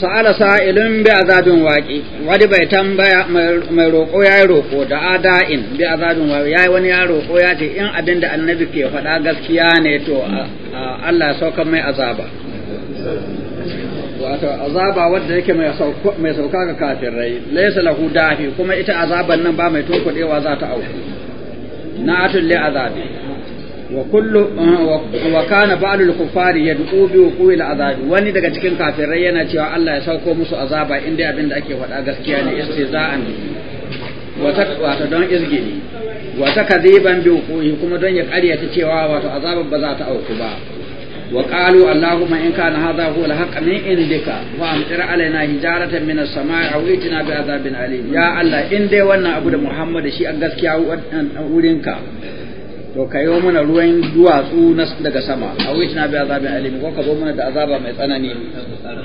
sa'ala sa'ilun bi azabin waki, wani bai tambaya mai roƙo yi roƙo da ada'in bi azabin ya yi wani ya roƙo ya ce in abin da annabi ke faɗa gaskiya ne to Allah ya sauka mai azaba wato azaba wadda yake mai sauka mai kafin ga kafirai lahu dafi kuma ita azaban nan ba mai tunkuɗewa za ta auku na li azabi وكل وكان بعض الكفار يدعو بوقوع العذاب وني wani daga cikin kafirai yana cewa Allah ya sauko musu azaba inda abin da ake faɗa gaskiya ne istiza'an wata wata don izgili wata kadiban bi wuqu'i kuma don ya ta cewa wato azabar ba za ta auku ba wa qalu allahumma in kana hadha huwa alhaq min indika wa amtir alaina hijaratan min as-sama'i aw itina bi azabin alim ya Allah in dai wannan abu da Muhammad shi a gaskiya wurinka to ka yi mana ruwan duwatsu daga sama a wuce na biya zaɓin alimi ko ka zo mana da azaba mai tsanani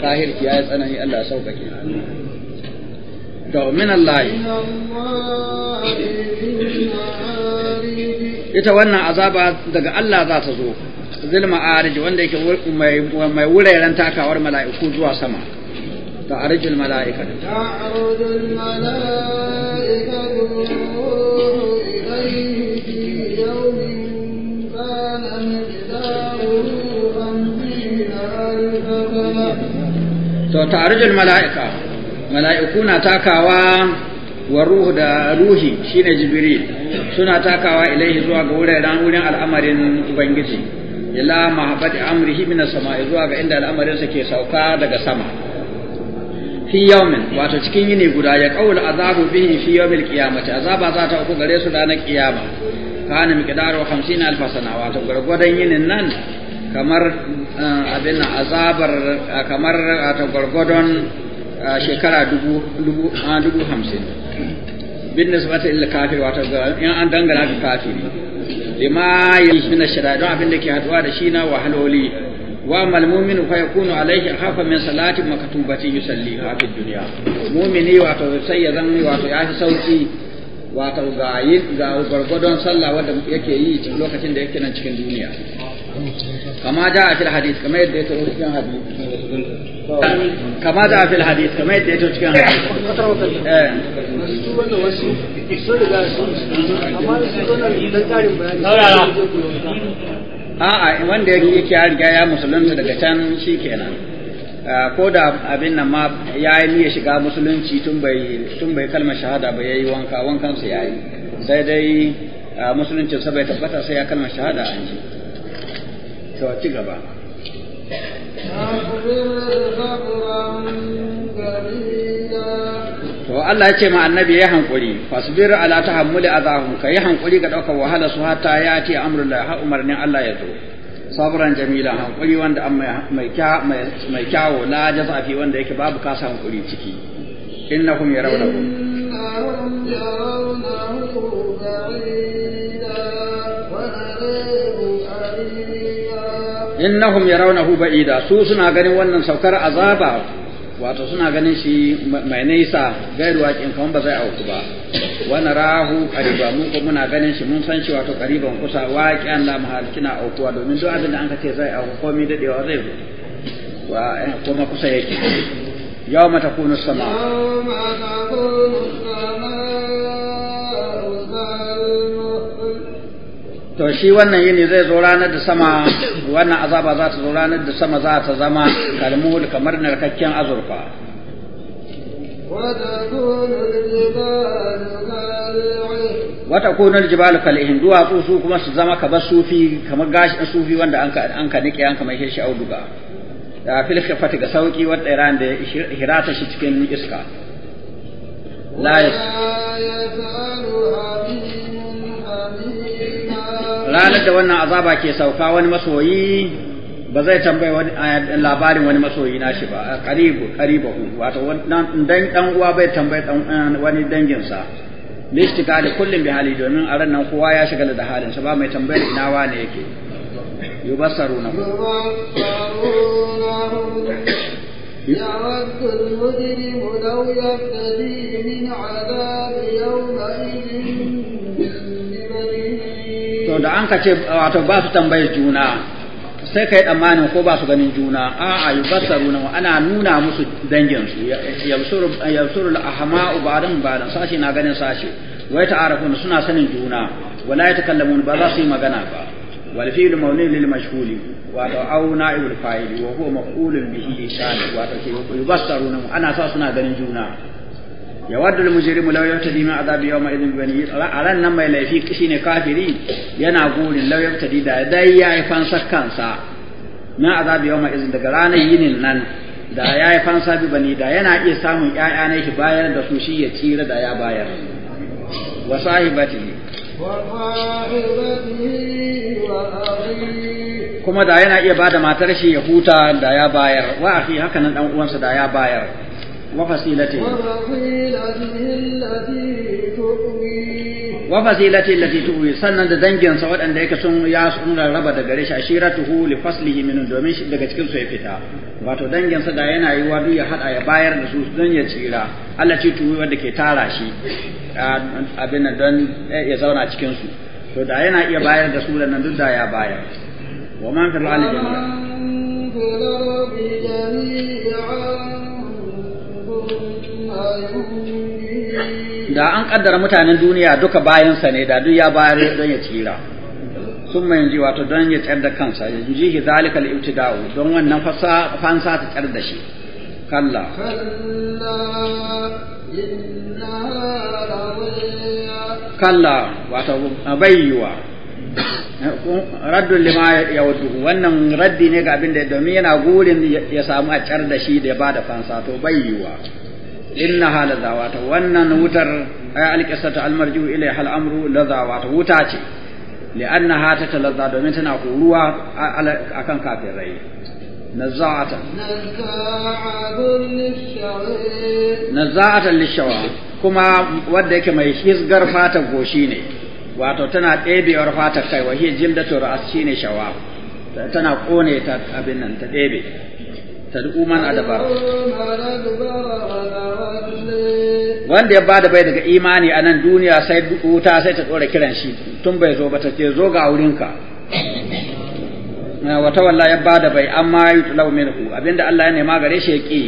kahir ya yi tsanani Allah ya sauƙaƙe Da min Allah ita wannan azaba daga Allah za ta zo zil ma'arij wanda yake mai mai wuraren takawar mala'iku zuwa sama ta'arijul mala'ika ta'arujul mala'ika to ta'arujul mala'ika mala'iku na takawa wa ruhu da ruhi shine jibril suna takawa ilaihi zuwa ga wuraren wurin al'amarin ubangiji ila mahabbati amrihi min as-sama'i zuwa ga inda al'amarin sa ke sauka daga sama fi yawmin wato cikin yini guda ya qaul azabu bihi fi yawmil qiyamati azaba za ta uku gare su ranar kiyama kana miqdaru 50000 alf sana wato gargwadan yinin nan kamar eh, abin azabar eh, kamar eh, ta gwargwadon shekara ah, dubu hamsin bin da nisbata illa kafir wata in an dangana da kafiri lima yi ash-shara'i don abin da ke haduwa da shi na wahaloli wa mal mu'minu fa yakunu alayhi khafa min salati maktubati yusalliha fi dunya mu'mini wato sai ya zan wato ya fi sauki wato ga yin ga gurgudon sallah wanda yake yi cikin lokacin da yake nan cikin duniya kama ja fil hadith kama yadda ya tawo cikin hadith kama ja fil hadith kama yadda ya tawo a'a wanda yake ya riga ya musulunta daga can shi kenan ko da abin nan ma ya yi niyyar shiga musulunci tun bai tun kalmar shahada ba yi wanka wankan ya yi sai dai musulunci sa bai tabbata sai ya kalmar shahada an ji to ci gaba to Allah ya ce ma annabi ya hankuri fasbir ala tahammuli azahum ka ya hankuri ga daukar wahala su hatta ya ce amrullah ha umarnin Allah ya zo sabran jamila hankuri wanda an mai mai kyawo la jazafi wanda yake babu kasa hankuri ciki innahum yarawnahu innahum yarawnahu innahum yarawnahu ba'ida su suna ganin wannan saukar azaba wato suna ganin shi mai nisa gairu kin kan ba zai auku ba wani rahu ƙariba mu ko muna ganin shi mun san shi wato ƙariban kusa waƙi an lamu halikina aukuwa domin duk abin da an ka ce zai auku komi daɗewa zai zo wa eh, kuma kusa yake yau mata kunu sama to shi wannan yini zai zo ranar da sama wannan azaba za ta zo ranar da sama za ta zama kalmuhul kamar narkakken azurfa wata kunar jibalu kal'ihin duwatsu su kuma su zama kabar sufi kamar gashin sufi wanda an ka nike an mai shi auduga da fil khifati ga sauki wadda iran da hirata shi cikin iska la yas'alu hamin hamin ranar da wannan azaba ke sauka wani masoyi ba zai tambayi wani labarin wani masoyi na shi ba karibu karibahu wato dan dan uwa bai tambayi dan eh, wani dangin sa lishtika da kullum bi hali domin a ran nan kowa ya shiga da halin sa ba mai tambayar ina wane yake yubassaruna يود المجرم لو يفتدي من عذاب يومئذ to da an ka ce wato ba su tambayar juna sai ka yi tsammanin ko ba su ganin juna a'a yubassaruna na ana nuna musu danginsu su yabsuru yabsuru al-ahma'u ba'dan ba'dan sashi na ganin sashi ta arafu suna sanin juna wala kallamu ba za su yi magana ba au wa مولين للمشغول أو نائب الفاعل وهو yubassaru na ana sa suna ganin juna. yawaddu al-mujrimu law yaftadi min azab yawma idhin bi bani alan nan mai laifi shine kafiri yana gori law yaftadi da dai yayi fansa kansa min azab yawma idhin daga ranar yinin nan da yayi fansa bi bani da yana iya samun ƴaƴa ne shi bayar da su shi ya tsira da ya bayar wa sahibatihi kuma da yana iya ba da matar shi ya huta da ya bayar wa akhi haka nan dan uwansa da ya bayar وفصيلته وفصيلته التي تؤوي sannan da danginsa waɗanda ديك سن ya سن raba دغريش اشيرته لفصله من دومين faslihi min domin daga cikin su ya fita wato sa da yana yi wa ya hada ya bayar da su don ya tsira Allah ce tuwi wanda ke tara shi abin don ya zauna cikin su to da yana iya bayar da su da nan duk da ya bayar wa man fil jami'a da an kaddara mutanen duniya duka bayansa ne da duk ya bayar don ya tsira sun mai yanzu wato don ya tsar da kansa ya ji zalika al-ibtida'u don wannan fasa fansa ta tsar da shi kalla kalla wato bayyuwa raddun lima ya wudu wannan raddi ne ga abin da domin yana gurin ya samu a tsar da shi da ya bada fansa to bayyuwa innaha wata wannan wutar ay alqisatu almarju ilai ilayha al'amru wata wuta ce ta laza domin tana huruwa akan kafin kafirai nazza'atan nazza'atan lishawa kuma wanda yake mai hisgar fata goshi ne wato tana ɗebewar fatar kai wa hiya jildatu ra'as shine shawa tana kone ta abin nan ta ɗebe tad'u man adabar wanda ya bada bai daga imani a nan duniya sai wuta sai ta tsora kiran shi tun bai zo ba ta ce zo ga wurinka wata walla ya bada bai amma yutlau minhu abinda Allah ya nema gare shi ya ki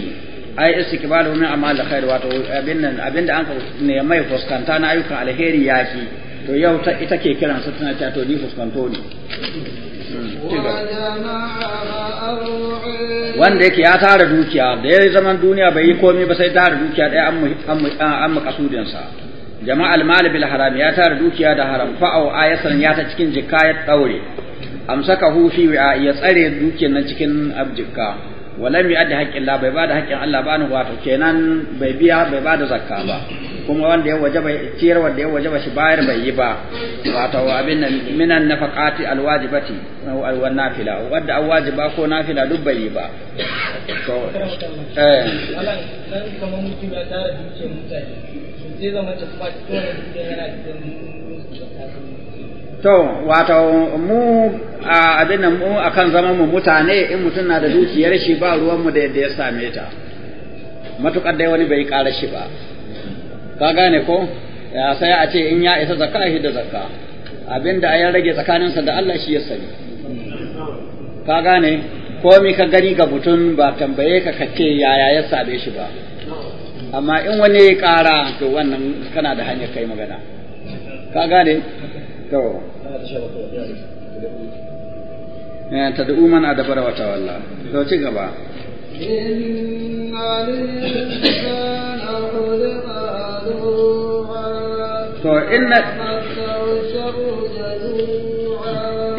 ai istiqbalu min amal khair wato abin nan abinda an ne mai fuskanta na ayyukan alheri yaki to yau ita ke kiran su tana ta to ni fuskanto ne wanda yake ya tara dukiya da ya zaman duniya bai yi komai ba sai tara dukiya ɗaya an kasudinsa. Jama'a mali bil haram ya tara dukiya da haram fa'au ayasan ya ta cikin jikka ya ɗaure amsaka hu fi ya tsare dukiyar nan cikin abjikka walam adda haƙƙin Allah bai bada haƙƙin Allah ba ni wato kenan bai biya bai bada zakka ba kuma wanda ya wajaba ciyar wanda ya wajaba shi bayar bai yi ba wato abin nan minan nafaqati alwajibati wan nafila wanda an wajiba ko nafila duk bai yi ba to eh nan kamar mutum ya tara dukiyar mutane zai zama ta yana to wato mu abin nan mu akan zaman mu mutane in mutum na da dukiyar shi ba ruwan mu da yadda ya same ta matukar dai wani bai kara shi ba ka gane ko sai a ce in ya isa zakka ya hidda zakka abinda ya rage tsakaninsa da Allah shi ya sani ka gane komi ka gani ga mutum ba tambaye ka kace yaya ya sabe shi ba amma in wani ya kara to wannan kana da hanyar kai magana ka gane to ta da umana da barawata wallah to ci gaba To inna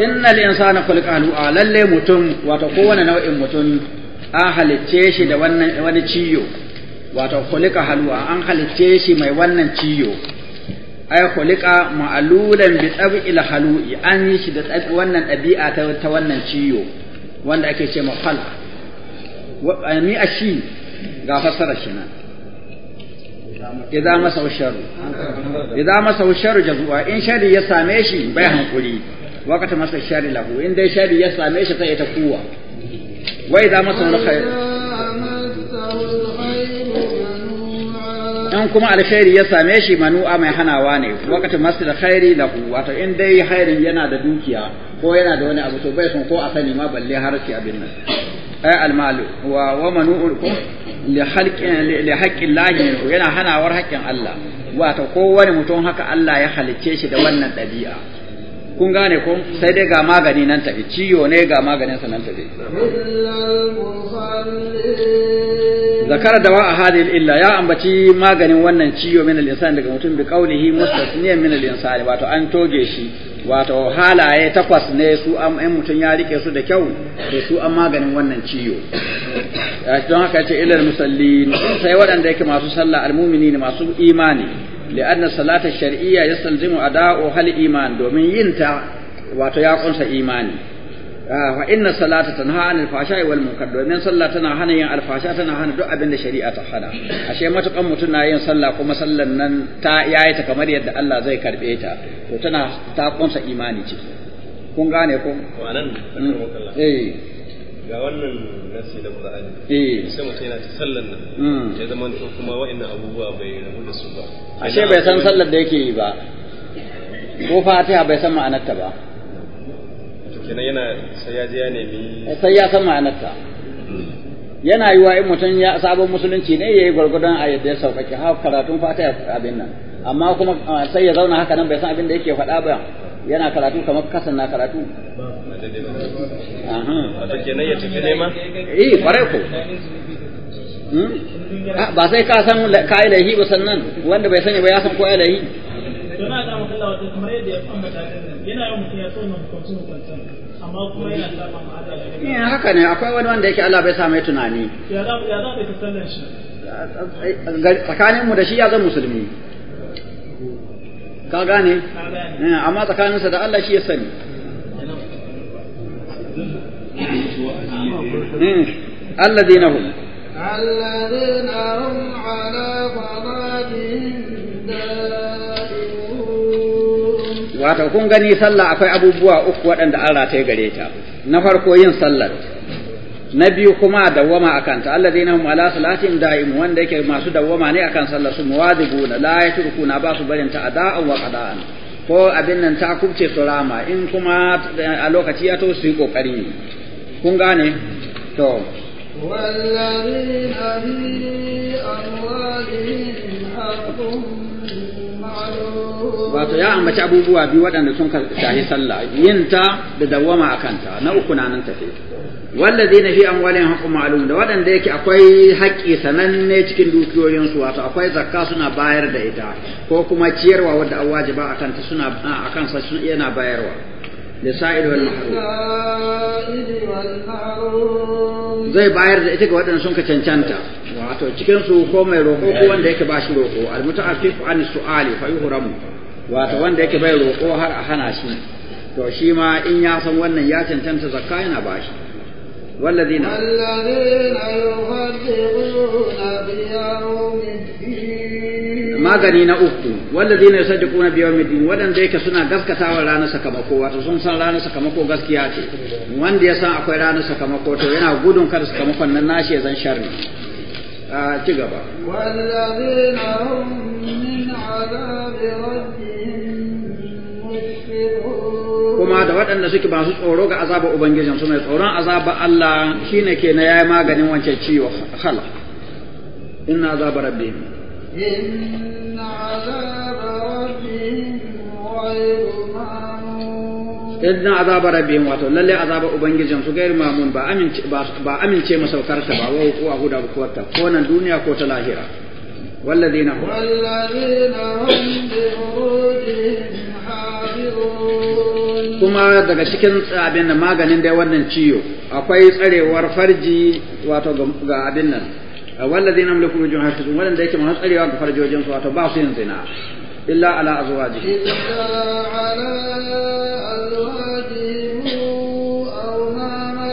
innal insana khuliqa halu'a lalle mutum wato kowane nau'in mutum an halicce shi da wani ciyo wato khuliqa halu'a an halicce shi mai wannan ciyo ai khuliqa ma'alulan bi tab'il halu'i an yi shi da wannan ɗabi'a ta wannan ciyo wanda ake ce ma khalq mi shi ga fassara shi nan idza masa sharu idza masa sharu jazua in shari ya same shi bai hankuri wakata masa shari lahu in dai shari ya same shi sai ya ta kuwa wa idza masa khair in kuma alkhairi ya same shi manu'a mai hanawa ne wakati masjid khairi lahu wato in dai khairin yana da dukiya ko yana da wani abu to bai son ko a sani ma balle har ki abin nan ai almalu wa wa manu'ukum li halqin li haqqin lahi yana hanawar haƙƙin Allah wato kowane mutum haka Allah ya halicce shi da wannan ɗabi'a kun gane ko sai dai ga magani nan tafi ciyo ne ga maganin nan tafi zakara da wa hadil illa ya ambaci maganin wannan ciwo min al-insan daga mutum bi qawlihi mustasniya min al-insan wato an toge shi wato halaye takwas ne su an in mutum ya rike su da kyau to su an maganin wannan ciyo don haka ce ilal musallin sai waɗanda yake masu sallah almumini ne masu imani لأن الصلاة الشرعية يستلزم أداؤها الإيمان دومين ينتا واتو يقون إيماني فإن الصلاة تنهى عن الفحشاء والمنكر دومين صلاة تنهى عن الفحشاء تنهى عن دعاء بين الشريعة تحنا أشياء ما تقوم متنا ين صلاة كما صلى نن تا يايت كمر يد الله زي كربيتا وتنا تقوم إيماني كون غاني كون وأنا إيه ga wannan nasi na Qur'ani eh sai mutum yana ta sallar nan hmm. ya zama to kuma wa'annan abubuwa bai rabu da su ba ashe bai san sallar da yake yi ba ko fatiha bai san ma'anarta ba to kenan yana sai ya je ya nemi sai ya san ma'anarta yana yi wa in mutum ya sabon musulunci ne ya yi gwargwadon a yadda ya sauƙaƙe haka karatun fatiha abin nan amma kuma ah, sai ya zauna haka nan bai san abin da yake faɗa ba yana karatu kamar kasan na karatu eh, hmm? ah, ba sai ka san ka yi laihi ba sannan wanda bai sani ba ya san ko laihi yana haka ne akwai wani wanda yake Allah bai sa mai tunani ya za ka yi shi tsakanin da shi ya zan musulmi ka gane eh, amma tsakaninsa da Allah shi ya sani الذين هم الذين هم على صلاتهم wato kun gani sallah akwai abubuwa uku waɗanda Allah ta gare ta na farko yin sallar na biyu kuma dawwama akan ta alladheena hum ala salatihim da'im wanda yake masu dawwama ne akan sallar su muwadibuna la yatrukuna ba su barin ta ada'a wa qada'an ko abin nan ta kubce su rama in kuma a lokaci ya to su yi kokari kun gane to والذين في أموالهم حق wato ya ambaci abubuwa biyu waɗanda sun shahi sallah yin ta da dawwama a kanta na uku na nan tafe wallazi na fi amwalin haƙƙun ma'alum da waɗanda yake akwai haƙƙi sananne cikin dukiyoyinsu wato akwai zakka suna bayar da ita ko kuma ciyarwa wadda an ba a kanta suna a kansa yana bayarwa sa'id wal mahrum zai bayar da ita ga waɗanda sun ka cancanta wato cikin su ko mai roƙo ko wanda yake ba shi roƙo al muta'affifu an su'ali fa yuhramu wato wanda yake bai roƙo har a hana shi to shi ma in ya san wannan ya cancanta zakka yana ba shi والذين magani na uku wallazi ne sadi kuna biyar midin waɗanda yake suna gaskatawa ranar sakamako wato sun san ranar sakamako gaskiya ce wanda ya san akwai ranar sakamako to yana gudun kar sakamakon nan nashi ya zan sharri a ci kuma da waɗanda suke ba tsoro ga azabar ubangijin su mai tsoron azaba Allah shi shine ke na yi maganin wancan ciwo hala, inna azaba rabbihim inna idan azabar rabbihim wato lalle azabar ubangijin su gairi mamun ba amince ba amince masaukarta ba wa guda huda wata ko nan duniya ko ta lahira walladina walladina kuma daga cikin abin da maganin dai wannan ciyo akwai tsarewar farji wato ga abin nan mulku amliku rujuhum wannan wanda yake mun tsarewa ga farjojin su wato ba su yin zina إلا على أزواجه إلا على أزواجهم أو ما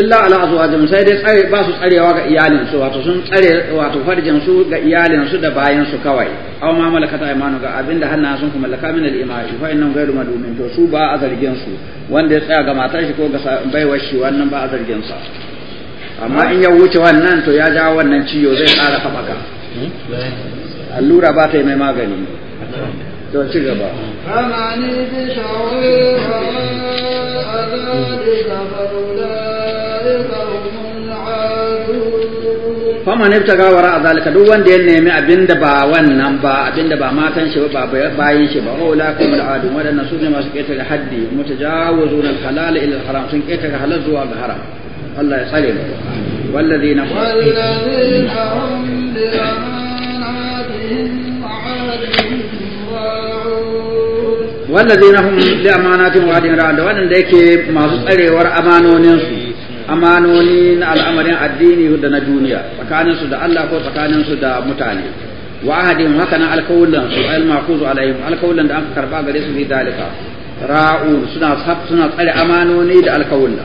illa ala azwajin sai dai tsare ba su tsarewa ga iyalin su wato sun tsare wato farjin su ga iyalin su da bayan su kawai aw ma malakat aymanu ga abinda hanna sun kuma malaka min al-imai fa innahum ghayru madumin to su ba a zargin su wanda ya tsaya ga matar shi ko ga baiwar shi wannan ba a zargin sa amma in ya wuce wannan to ya ja wannan ciyo zai ƙara haɓaka allura ba ta yi mai magani to ci gaba faman ibtaga wara zalika duk wanda ya nemi abinda ba wannan ba abinda ba matan shi ba bayin shi ba o wala kumul adu wadannan su ne masu ƙetare haddi mutajawizuna halal ila haram sun ƙetare halal zuwa ga haram Allah ya tsare mu wallazina wallazina wannan da yake masu tsarewar amanonin su amanonin al'amarin addini da na duniya tsakanin su da Allah ko tsakanin su da mutane wa ahadin haka nan alkawlan su ayyul maquzu da aka karba gare su bi dalika ra'u suna tsare amanoni da alkawlan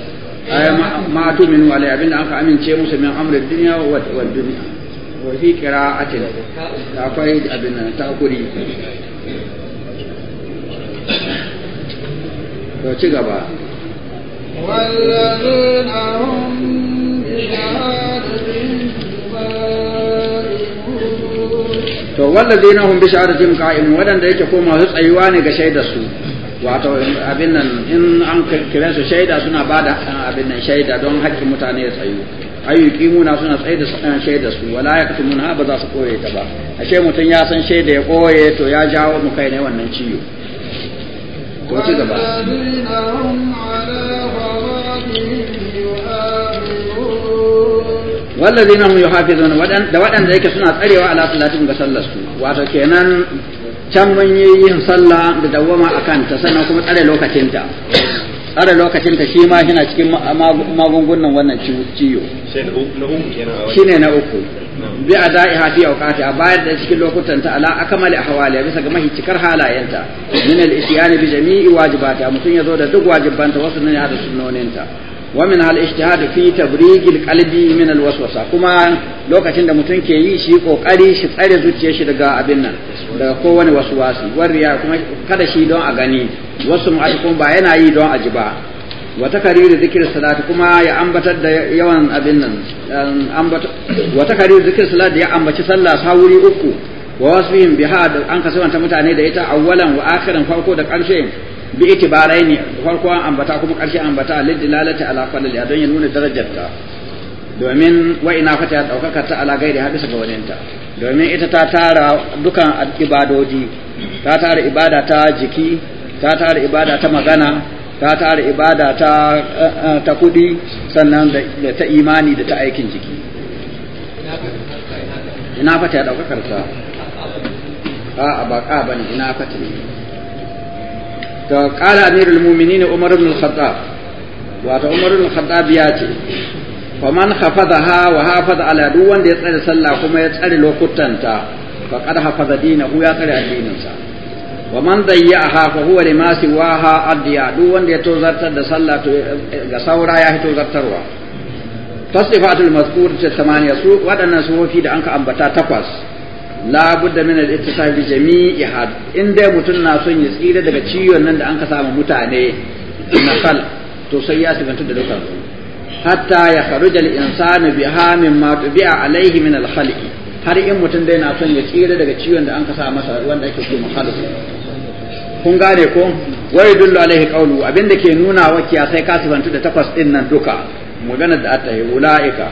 ay ma tu'minu alai abinda aka amince musu min amrin dunya wa dunya wa fi qira'atin akwai abin ta takuri to ci gaba والذين هم to wallazina hum bi sha'ratin qa'im wadanda yake ko masu tsayuwa ne ga shaidar su wato abin nan in an kira su shaida suna ba da eh, abin nan shaida don haƙƙin mutane ya tsayu ayyuki muna suna tsaye da eh, shaida su wala ya kasu muna ba za su koye ta ba ashe mutum ya san shaida ya koye to ya jawo mu kai ne wannan ciwo to ci gaba wallazina hum yuhafizuna da waɗanda yake suna tsarewa ala salatin ga sallar wato kenan can mun yi yin sallah da dawama a ta sannan kuma tsare lokacinta tsare lokacinta shi ma yana cikin magungunan wannan ciwo shi ne na uku bi a hafi yau kafi a bayar da cikin lokutan ta ala akmali ahwali bisa ga mahicikar halayenta min al-isyani bi jami'i wajibata mutum ya zo da duk wajibanta wasu ne da sunnoninta ومن الاجتهاد في تبريج القلب من الوسوسة كما لو كتن دا متون كي يشي قوقري شي تساري زوجيه شي daga abin nan daga kowane waswasi wariya kada shi don a gani wasu mu'ati kuma ba yana yi don a ji ba wa takariri zikir kuma ya ambatar da yawan abin nan ambata wa takariri ya ambaci sallah sawuri uku wa wasfihim biha an mutane da ita awwalan wa farko da karshe bi itibarai ne farko an ambata kuma karshe ambata lil dilalati ala a don ya nuna darajarta domin wa ina fata ya daukaka ta ala gairi hadisa ga waninta domin ita ta tara dukan ibadodi ta tara ibada ta jiki ta tara ibada ta magana ta tara ibada ta eh, eh, ta kudi sannan da ta imani da ta aikin jiki ina fata ya daukakar ta a ba ka bane ina fata ne to qala amirul mu'minin umar ibn al-khattab wato umar ibn al-khattab ya ce faman hafadaha wa hafaza ala duk wanda ya tsare sallah kuma ya tsare lokutanta faqad hafaza dinahu ya tsare addininsa wa man dayyaha fa huwa lima siwaha adiya duk wanda ya tozartar da sallah to ga saura ya hito zartarwa fasifatul mazkur ta tamaniya su waɗannan sufofi da anka ambata takwas la budda min al-ittisaf bi jami'i had in dai mutum na son ya tsira daga ciwon nan da an ka samu mutane na kal to sai ya sifanta da dukkan su hatta ya kharuja al-insanu hamin ma tubi'a alayhi min al-khalqi har in mutum dai na son ya tsira daga ciwon da an ka sa masa wanda ake ce makhalq kun gane ko wai Dullu alaihi qawlu abinda ke nuna wa kiya sai ka sifanta da takwas din nan duka magana da ta yi ulaika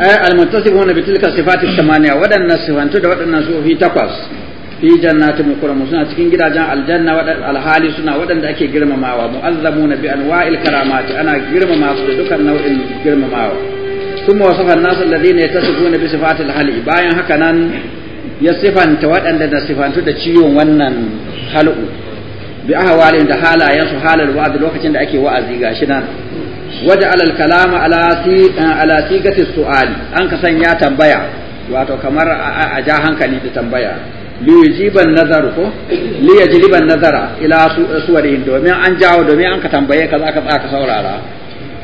ay almuttasifuna bi tilka sifati thamaniya wadannan sifantu da su fi takwas fi jannatin mukramu suna cikin gidajen aljanna alhali suna wadanda ake girmamawa mu'azzamuna bi anwa'il karamati ana girmama su da dukkan nau'in girmamawa kuma wasafa an-nas alladhina yattasifuna bi sifati al-hali bayan haka nan ya sifanta waɗanda da sifantu da ciwon wannan halu bi ahwalin da halayen su halal wa'azi lokacin da ake wa'azi gashi nan waja'ala al-kalama ala si eh, ala sigati su'ali an ka sanya tambaya wato kamar a ja hankali da tambaya li yujiban nazar ko li yajliban nazara ila eh, suwarihin domin an jawo domin an ka tambaye ka zaka tsaka saurara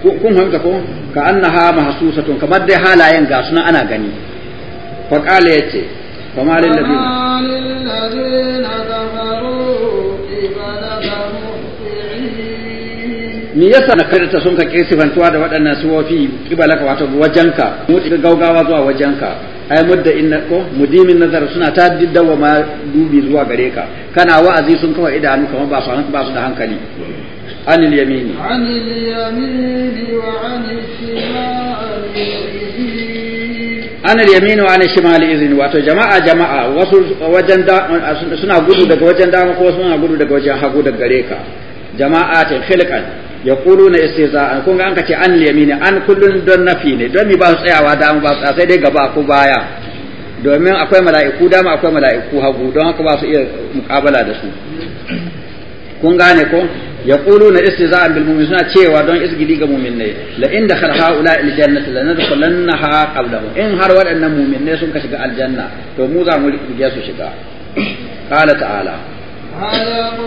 kun fahimta ko ka annaha mahsusatun kamar dai halayen ga suna ana gani fa qala yace fa malil ladina ni yasa na karanta sun ka kisifantuwa da waɗannan suwofi kibalaka wato wajenka mutu gaugawa zuwa wajenka ai mudda inna ko mudimin nazar suna ta diddawa ma dubi zuwa gare ka kana wa'azi sun kawai idanu kamar ba su ba su da hankali anil yamini anil yamini wa anil shimali anil yamini wa anil shimali izin wato jama'a jama'a wasu wajen da suna gudu daga wajen dama ko suna gudu daga wajen hagu daga gare ka jama'a ta khilqan Ya kulu na isi za an kace an ce an kullun don nafi ne don mi ba su tsayawa da an ba su sai dai gaba ko baya domin akwai mala'iku dama akwai mala'iku hagu don haka ba su iya mukabala da su kun gane ko ya kulu na yaquluna istihza'an bil mu'minin suna cewa don gidi ga mu'minai la inda dakhal haula al jannata ha qablahu in har waɗannan mu'minai sun ka shiga aljanna to mu za mu rige su shiga qala ta'ala هذا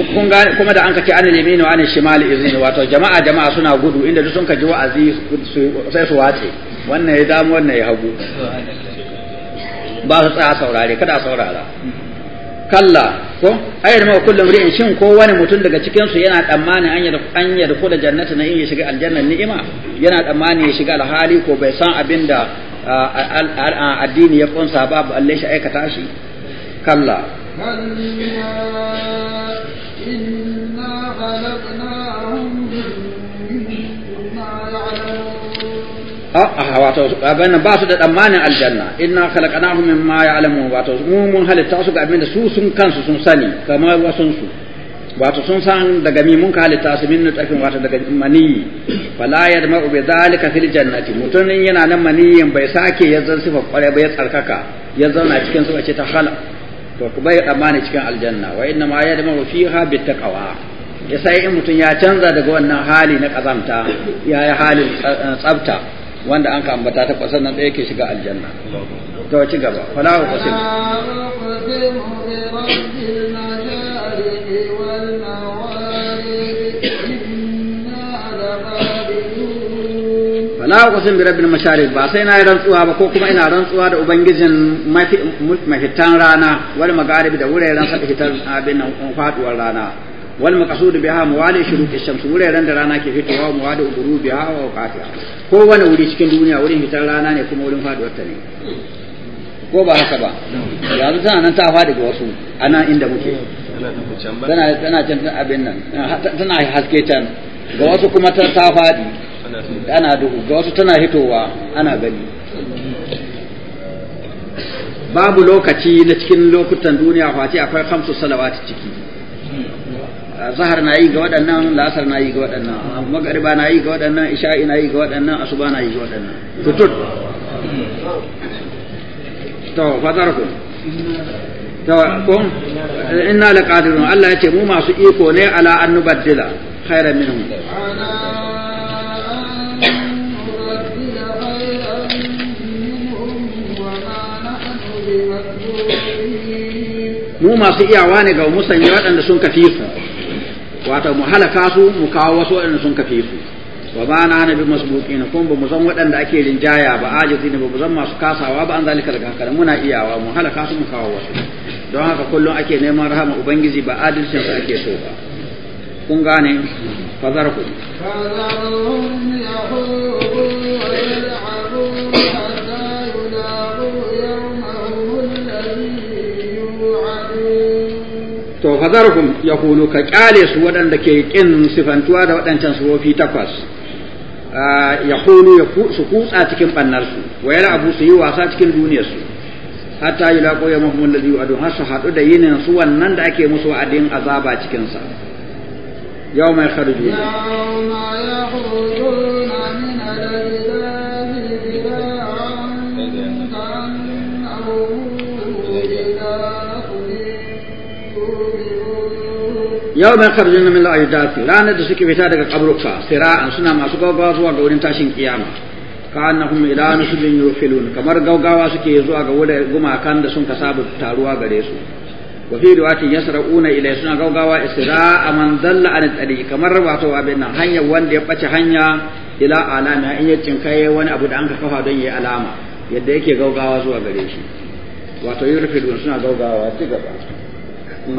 kun ga kuma da an kace an ne wa an shimali izini wato jama'a jama'a suna gudu inda duk sun kaji wa'azi sai su wace wannan ya damu wannan ya hagu ba su tsaya saurare kada saurara kalla ko ayyar ma kullum ri'in shin ko wani mutum daga cikin su yana tsammani an ko da jannati na in ya shiga aljanna ni'ima yana tsammani ya shiga alhali ko bai san abinda addini ya kunsa ba balle shi aikata shi kalla كلا إنا خلقناهم مما يعلمون wato abin ba su da tsammanin aljanna inna khalaqnahum mimma ya'lamun wato mu mun halitta su ga abin da su sun kansu sun sani kamar wasun su wato sun san daga mi mun halitta su min nutafin wato daga maniyi fala yadma'u bi dhalika fil jannati mutumin yana nan maniyin bai sake ya zan sifa kware bai tsarkaka ya zauna cikin su ce ta khalaq to ku bai tsammani cikin aljanna wa inna ma ya dama fiha bi taqwa ya sai in mutun ya canza daga wannan hali na kazamta ya yi halin eh, tsabta wanda an ka ambata ta kwasan nan yake shiga aljanna to ci gaba fala qasim na ku sun bi rabbil masharib ba sai na yi rantsuwa ba ko kuma ina rantsuwa da ubangijin mafitan rana wal magharibi da wuraren sa fitar abin nan faduwar rana wal maqsud biha mawali shuruqi shams wuraren da rana ke fitowa mawali biha wa waqatiha ko wani wuri cikin duniya wurin fitan rana ne kuma wurin faduwar ta ne ko ba haka ba yanzu tana nan ta fadi ga wasu ana inda muke tana tana can abin nan tana haske can ga wasu kuma ta fadi ana duhu ga wasu tana hitowa ana gani babu lokaci na cikin lokutan duniya kwace akwai kamsu salawati ciki zahar na yi ga waɗannan lasar na yi ga waɗannan magariba na yi ga waɗannan isha'i na yi ga waɗannan asuba na yi ga waɗannan tutut to fatarku to kun inna laqadirun Allah ya ce mu masu iko ne ala an nubaddila khairan minhum mu masu iyawa ne ga musanye waɗanda sun kafi su wato mu halaka su mu kawo wasu waɗanda sun kafi su wa ba na nabi masbuqina kun ba mu san waɗanda ake rinjaya ba ajizi ne ba mu zan masu kasawa ba an zalika daga haka muna iyawa mu halaka su mu kawo wasu don haka kullum ake neman rahama ubangiji ba adalcin su ake so ba kun gane fazar ku to fazarhum yaqulu ka kyale su waɗanda ke kin sifantuwa da waɗancan sufofi takwas yaqulu su kutsa cikin bannar su wa abu su yi wasa cikin duniyar su hatta yulaqu yawmahum alladhi yu'adun har su haɗu da yinin su wannan da ake musu wa'adin azaba cikin sa yawma yakhruju yawma yakhrujuna min al yau mai karjin min al'ajdasi ranar da suke fita daga kabruka sira'an suna masu gaugawa zuwa ga wurin tashin kiyama ka na kuma annahum su nusbin yufilun kamar gaugawa suke zuwa ga wurin gumakan da sun kasabu taruwa gare su wa fi riwayatin yasra'una ila suna gaugawa isra'a man dalla an tsari kamar wato abin nan hanya wanda ya bace hanya ila alama in ya cinkaye wani abu da an ka kafa don yayi alama yadda yake gaugawa zuwa gare shi wato yurfilun suna gaugawa ci gaba to su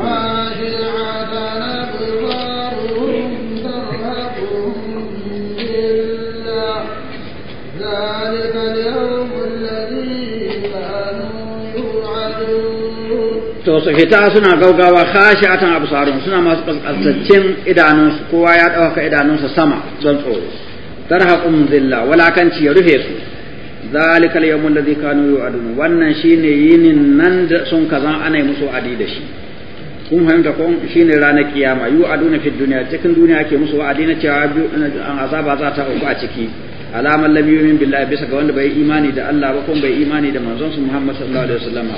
fita suna gaugawa kashi atan absarun suna masu kaskasacin idanunsu kowa ya ɗauka idanunsa sama don tsoro tarhaqum zilla walakanci ya rufe su zalikal yawmul الذي kanu yu'adun wannan shine yinin nan da sun kaza ana musu adi da shi kun fahimta ko shine ranar kiyama yu aduna fi duniya cikin duniya ke musu wa'adi na cewa an azaba za ta auku a ciki alamar lam yu'min billahi bisa ga wanda bai imani da Allah ba kuma bai imani da manzon su Muhammad sallallahu alaihi wasallam ba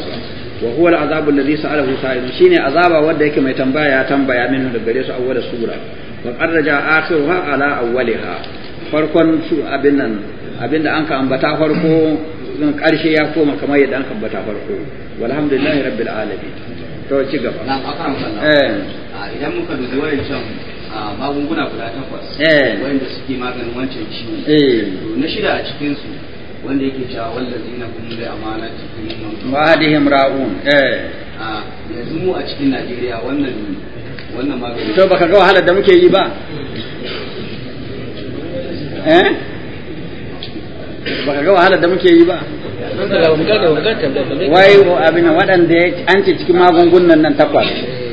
wa huwa al'azabu alladhi sa'alahu sa'ilun shine azaba wanda yake mai tambaya ya tambaya min da gare su awwal sura wa qarraja akhiruha ala awwaliha farkon su abin nan abinda an ka ambata farko karshe ya koma kamar yadda an ka ambata farko walhamdulillahi rabbil alamin to ci gaba nan akan eh ah, idan muka dubi can. Ah, magunguna guda takwas eh wanda suke maganin wancan ciwo eh to na shida a cikin su wanda yake cewa wallazi na kuma da amana cikin wa'adihim ra'un eh a ah, yanzu mu a cikin Najeriya wannan wannan magani to baka ga wahalar da muke yi ba eh baka ga wahalar da muke yi ba wai abin waɗanda an ce cikin magungunan nan takwas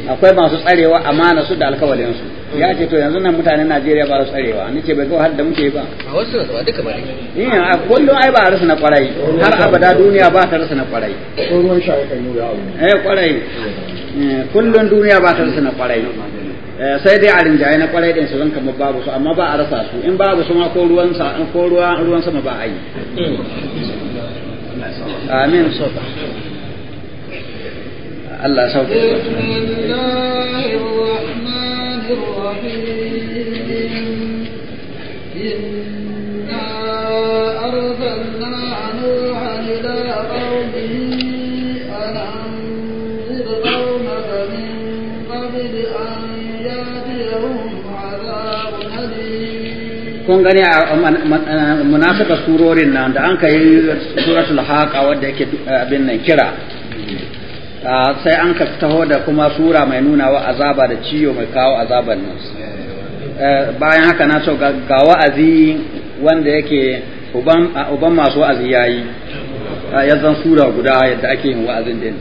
akwai masu tsarewa amana su da alkawalinsu ya ce to yanzu nan mutanen Najeriya ba su tsarewa ni ce bai ga har da muke ba a wasu na tsawa duka bari ni a kullum ai ba a rasa na kwarai har abada duniya ba ta rasa na kwarai kan eh kwarai eh, kullum duniya ba ta rasa na kwarai eh, sai dai a rinjaye na kwarai din su zan kama babu su amma ba a rasa su in babu su ma ko ruwan sama ba a yi hmm. آمين صدق الله سوف بسم الله الرحمن الرحيم إنا أرسلنا نوحا إلى قومه kun gani a munasaba surorin nan da an kai suratul haqa wadda yake eh, abin nan kira mm. ah, sai an ka taho da kuma sura mai nuna wa azaba da ciyo mai kawo azaban nan mm. eh, bayan haka na so ga wa'azi wanda yake uban masu wa'azi yayi mm. ah, ya zan sura guda yadda ake yin wa'azin din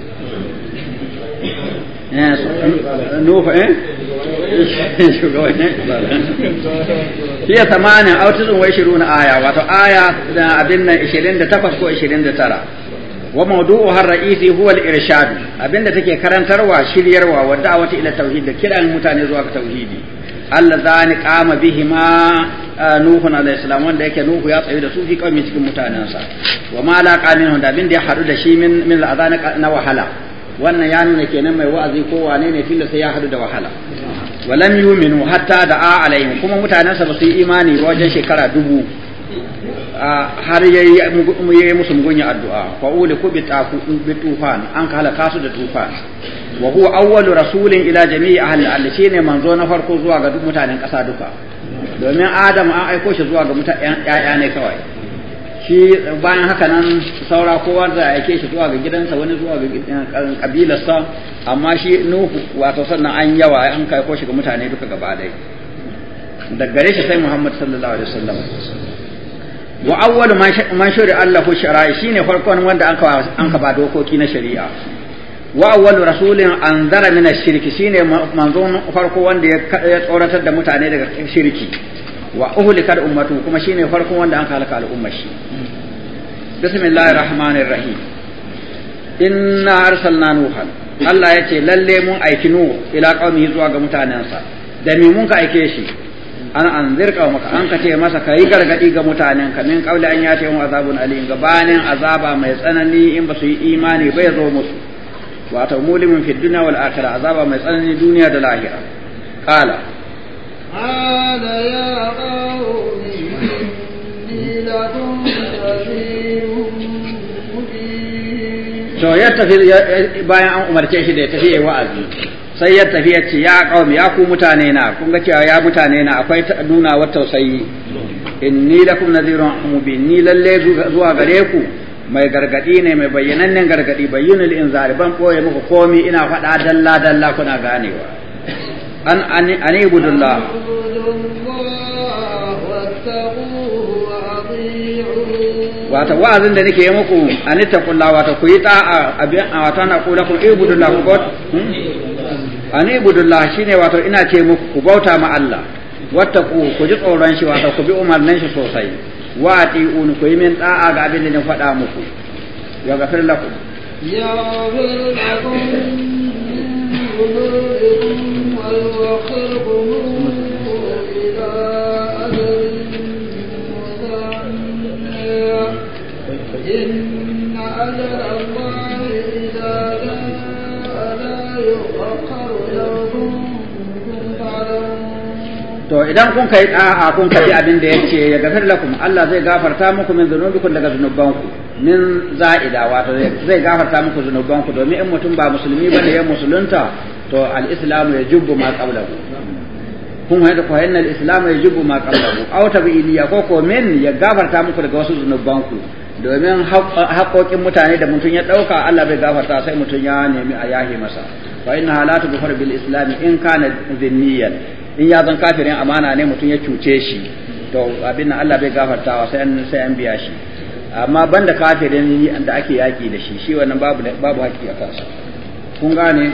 Nufa eh, eh? hiya samanin wata wai shiru na aya wato aya da abin nan takwas ko tara wa mawdu'u har ra'isi huwa al-irshad abinda take karantarwa shiryarwa wa wata ila tauhid da kiran mutane zuwa ga tauhidi allazani qama bihima nuhu alayhi salam wanda yake nuhu ya tsaye da su fi kawai cikin mutanensa wa ma la qamin da abinda ya hadu da shi min min al na wahala wannan ya nuna kenan mai wa'azi ko wane ne tilla sai ya hadu da wahala walam yuminu hatta دعا عليهم kuma mutanensa ba su yi imani ba wajen shekara dubu har ya yi musu mugunya addu'a fa uli ku bi tufan an ka halaka su da tufan wa huwa awwalu rasulin ila jami'i ahli al shine manzo na farko zuwa ga duk mutanen ƙasa duka domin adam an aiko shi zuwa ga mutanen ƴaƴa ne kawai shi bayan haka nan saura kowa za a aike shi zuwa ga gidansa wani zuwa ga eh, kabilarsa amma shi nuhu wato sannan an yawa an kai ko shi ga mutane duka gaba dai da gare shi sai muhammad sallallahu alaihi wasallam wa awwalu man shuri allahu shi shine farkon wanda an ka an ka ba dokoki na shari'a wa awwalu rasulin anzara min ash-shirki shine manzon farko wanda ya tsoratar da mutane daga shirki wa uhlikar ummatu kuma shine farkon wanda an halaka al'ummar shi bismillahir rahmanir rahim inna arsalna nuha Allah yace lalle mun aiki nu ila qaumi zuwa ga mutanensa da me mun ka aike shi an anzir maka an ka masa kai gargadi ga mutanenka min qawli an yati hum azabun alim gabanin azaba mai tsanani in ba su yi imani bai zo musu wato mulimin fi dunya wal akhirah azaba mai tsanani duniya da lahira qala to ya tafi bayan an umarce shi da ya tafi wa'azi sai ya tafi ya ce ya qaum ya ku mutane na kun ga cewa ya mutane na akwai nuna wa tausayi inni lakum nadhirun mubin ni lalle zuwa gare ku mai gargadi ne mai bayyanannen gargadi bayyinul inzari ban boye muku komi ina faɗa dalla dalla kuna ganewa an an الله wata wa'azin da nake yi muku an kula wata ku yi a abin wata na kula kun ibudullah ku bauta an shi shine wato ina ce muku ku bauta ma Allah Wata ku ji tsoron shi wata ku bi umarnin shi sosai wa ati'un ku yi min ta'a ga abin da ni faɗa muku ya gafir lakum ya gafir lakum صدورهم ويؤخرهم إلى أجل إن أجل الله to idan kun kai da'a kun kai abin da ce ya gafir lakum Allah zai gafarta muku min zunubikum daga zunubanku min za'ida wato zai gafarta muku zunubanku domin in mutum ba musulmi ba ne ya musulunta to al-islam ya jubbu ma qablahu kun hayar da kwayan al-islam ya jubbu ma qablahu aw tabi'iliya ko ko min ya gafarta muku daga wasu zunubanku domin haƙoƙin mutane da mutum ya ɗauka Allah bai gafarta sai mutum ya nemi a yahi masa fa inna la tughfar bil islam in kana zinniyan. in ya zan kafirin amana ne mutum ya cuce shi to abin nan Allah bai gafarta wa sai an sai an biya shi amma banda kafirin da ake yaki da shi shi wannan babu babu haƙƙi a kansa kun gane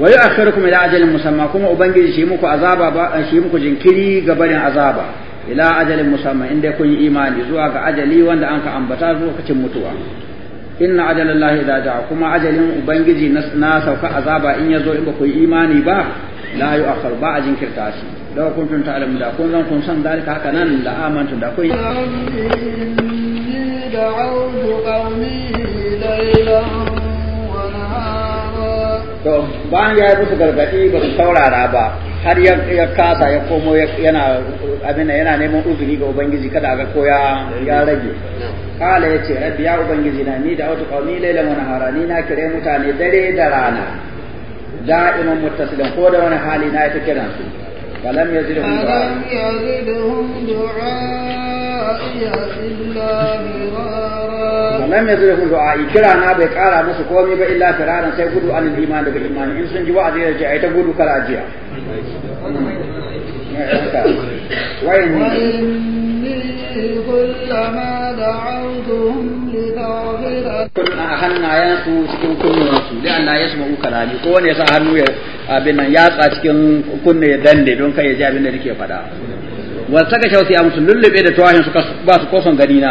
wa yu'akhirukum ila ajalin musamma kuma ubangiji shi muku azaba ba shi muku jinkiri ga barin azaba ila ajalin musamma inda kun yi imani zuwa ga ajali wanda an ka ambata zuwa kacin mutuwa inna ajalallahi idza ja'a kuma ajalin ubangiji na sauka azaba in yazo in ba ku yi imani ba la akhar ba a jinkirta shi kun tunta ta'lamun da kun zan kun san dalika haka nan da amantu da kun to bayan ya yi musu gargadi ba su saurara ba har ya kasa ya komo yana abin yana neman uzuri ga ubangiji kada ga ko ya ya rage kala yace rabbi ya ubangiji na ni da autu qaumi lailan wa nahara ni na kire mutane dare da rana da'iman muttasilan ko da wani hali na ita kiran su falam yazidhum falam yazidhum du'a'i illa firara falam yazidhum du'a'i kira na bai kara musu komai ba illa firaran sai gudu an iman daga imani in sun ji wa'azi ya ji ai ta gudu kar كلما دعوتهم لتغفر cikin kunnuwansu, ينسو cikin kunnuwansu la'anna yasma'u kalami ko wanda yasa hannu ya abin nan yatsa cikin kunne ya dande don kai ya ji abin da nake faɗa wa saka shawsi a musu lullube da tawahin suka ba su koson gani na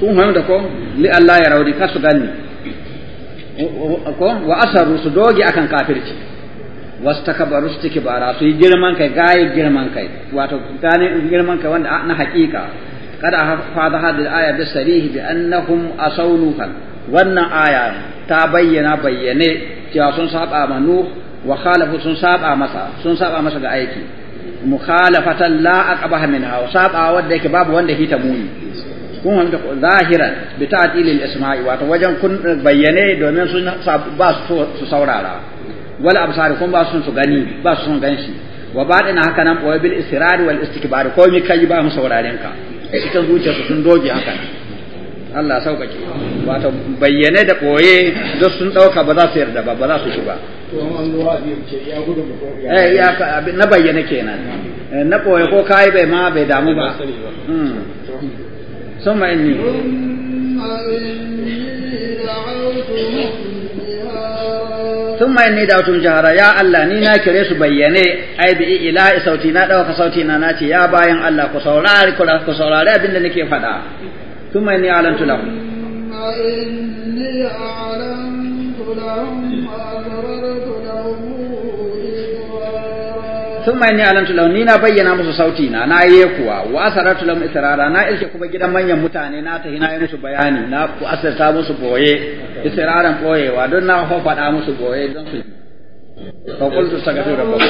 kun da ko li Allah ya rauni kasu gani ko wa asaru su doge akan kafirci wastakbaru istikbara su yi girman kai gayi girman kai wato gane girman kai wanda na hakika kada fada hadil aya da sarihi bi annahum asaw wannan aya ta bayyana bayyane cewa sun saba ma nuh wa khalafu sun saba masa sun saba masa ga aiki mukhalafatan la aqbaha minha wa saba wanda yake babu wanda hita muni kun wanda zahiran bi ta'til al isma'i wato wajen kun bayyane domin sun ba su saurara wala absari kun ba su su gani ba su sun shi wa ba badin haka nan boye bil israr wal istikbar ko mi kai ba mu sauraren ka cikin su sun doge haka Allah sauƙaƙe wato bayyane da boye da sun dauka ba za su yarda ba ba za su shi ba eh, na bayyane kenan eh, na boye ko kai bai ma bai damu ba hmm. sun ma inni da'autuhum sun mai ni da watul jihara ya Allah ni na kire su bayyane ai bi ila sauti na dauka sauti na nace ya bayan Allah ku saurari ku ku saurari abinda nake faɗa sun mai ni alantu lahu thumma inni alamtu lahum ni na bayyana musu sauti na na yi kuwa wa asaratu lahum israra na ilke kuma gidan manyan mutane na tahi na yi musu bayani na ku asarta musu boye israran boyewa don na ho fada musu boye don su fa qultu rabbakum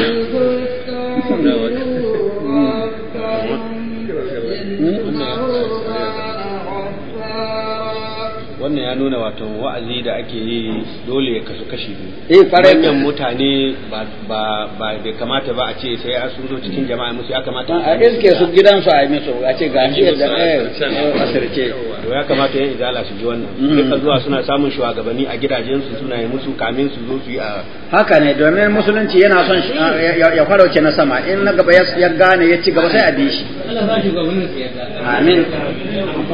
wannan ya nuna wato wa'azi da ake yi dole ya kasu kashi biyu eh kwarai manyan mutane ba ba ba bai kamata ba a ce sai a sun zo cikin jama'a musu ya kamata a iske su gidan su a yi musu a ce ga shi da eh, asirce to ya kamata yan izala su ji wannan mm. duka zuwa suna samun shugabanni a gidajen su suna yi musu kamin su zo su yi a haka ne domin musulunci yana son mm. ya farauce na sama in na gaba ya gane ya ci gaba sai a bi shi Allah ba shi ga wannan amin mm.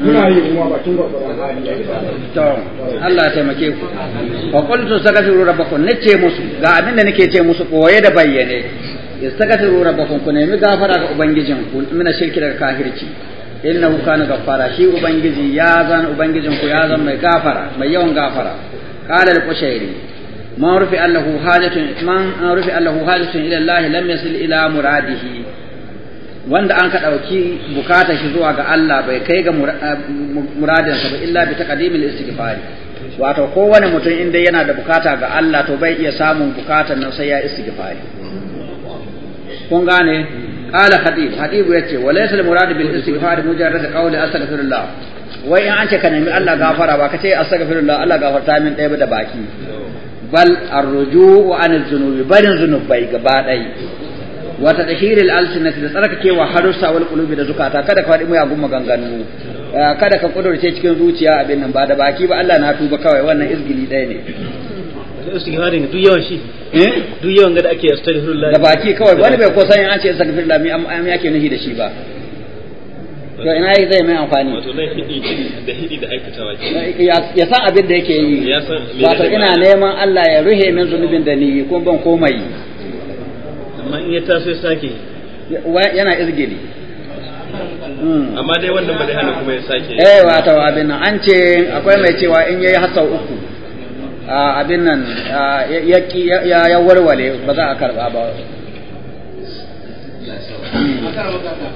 muna yi kuma ba ba Allah ya taimake ku fa qultu astaghfiru rabbakum ce musu ga abin da nake ce musu koye da bayyane astaghfiru rabbakum ku nemi gafara ga ubangijin ku mina shirki daga kafirci innahu kana gaffara shi ubangiji ya zan ubangijin ku ya zan mai gafara mai yawan gafara qala al-qushairi man rufi allahu hajatun man rufi annahu hajatun ila allah lam yasil ila muradihi wanda an ka ɗauki bukatar shi zuwa ga Allah bai kai ga eh, muradinsa ba illa bi taqdimil istighfari wato kowane mutum inda yana da bukata ga Allah to bai iya samun bukatar nan sai ya istighfari kun gane qala hadib hadib yace walaysa al murad bil istighfar mujarrad qawli astaghfirullah wai in an ce ka nemi Allah gafara ba ka ce astaghfirullah Allah gafarta min ɗaya da baki bal Ar-ruju, an zunubi barin zunubai gaba ɗaya wa tadhhiril alsinat da tsarkakewa harusa wal qulubi da zukata kada ka faɗi mu yagun maganganu kada ka kudurce cikin zuciya abin nan ba da baki ba Allah na tuba kawai wannan izgili ɗaya ne istighfarin duk yawan shi eh? duk yawan ga da ake astaghfirullah da baki kawai wani bai ko san an ce astaghfirullah mi am yake nahi da shi ba to ina yi zai mai amfani wato da hidi da aikatawa ya san abin da yake yi wato ina neman Allah ya ruhe min zunubin da ni ko ban komai amma in ya taso ya sake yana izgili hmm. amma dai wannan ba dai hana kuma ya sake eh wato abin nan an ce akwai mai cewa in yayi hasau uku abin nan ya ya warware ba za a karba ba hmm.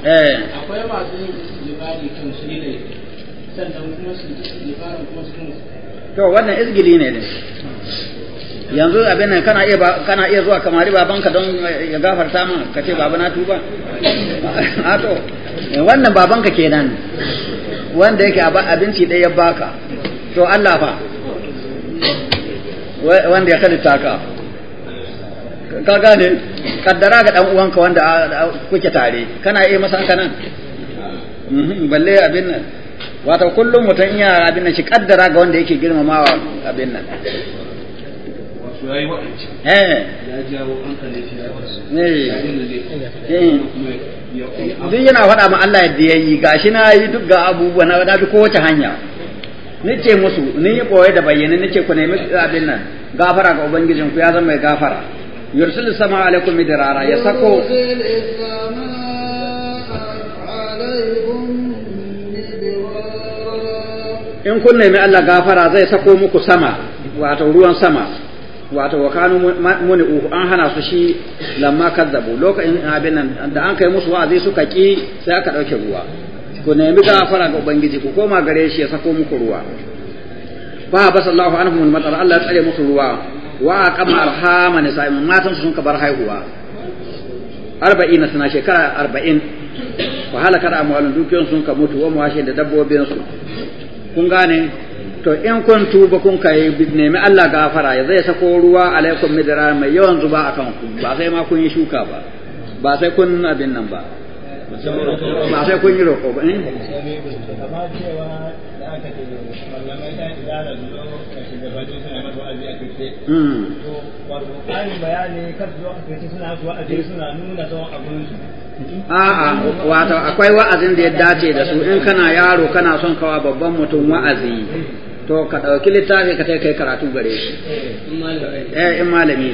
eh akwai masu libari kan shi ne sannan kuma su libarin kuma su to wannan izgili ne din yanzu abin nan kana iya kana iya zuwa kamari babanka don ya gafarta min ka ce baba na tuba a to wannan babanka kenan wanda yake abinci ɗaya ya baka to Allah fa wanda ya kalita ka ka gane kaddara ga dan uwanka wanda kuke tare kana iya masa haka nan mhm, balle abin nan wato kullum mutum iya abin nan shi kaddara ga wanda yake girmamawa abin nan duk yana faɗa ma Allah yadda ya yi gashi na yi duk ga abubuwa na ko kowace hanya ni ce musu ni yi ɓoye da bayyana ni ce ku nemi abin nan gafara ga ubangijin ku ya zama mai gafara yursil sama alaikum idrara ya sako in kun nemi Allah gafara zai sako muku sama wato ruwan sama wato wa kanu muni uhu an hana su shi lamma kazzabu lokacin abin nan da an kai musu wa'azi suka ki sai aka dauke ruwa ku nemi gafara ga ubangiji ku koma gare shi ya sako muku ruwa Ba ba sallahu anhum al-matar Allah ya tsare musu ruwa wa aqama arhama nisa'im matan su sun ka bar haihuwa 40 sana shekara 40 wa halaka amwalun dukiyoyin sun ka mutu wa washe da dabbobin su kun gane to in kun tuba kun kai nemi Allah gafara ya zai sako ruwa alaikum midara mai yawan zuba akan ku ba sai ma kun yi shuka ba ba sai kun abin nan ba ba sai kun yi roƙo ba eh hmm. A'a, wato akwai wa'azin da ya dace da su in kana yaro kana son kawa babban mutum wa'azi to ka ɗauki littafi ka kai kai karatu gare shi eh in malami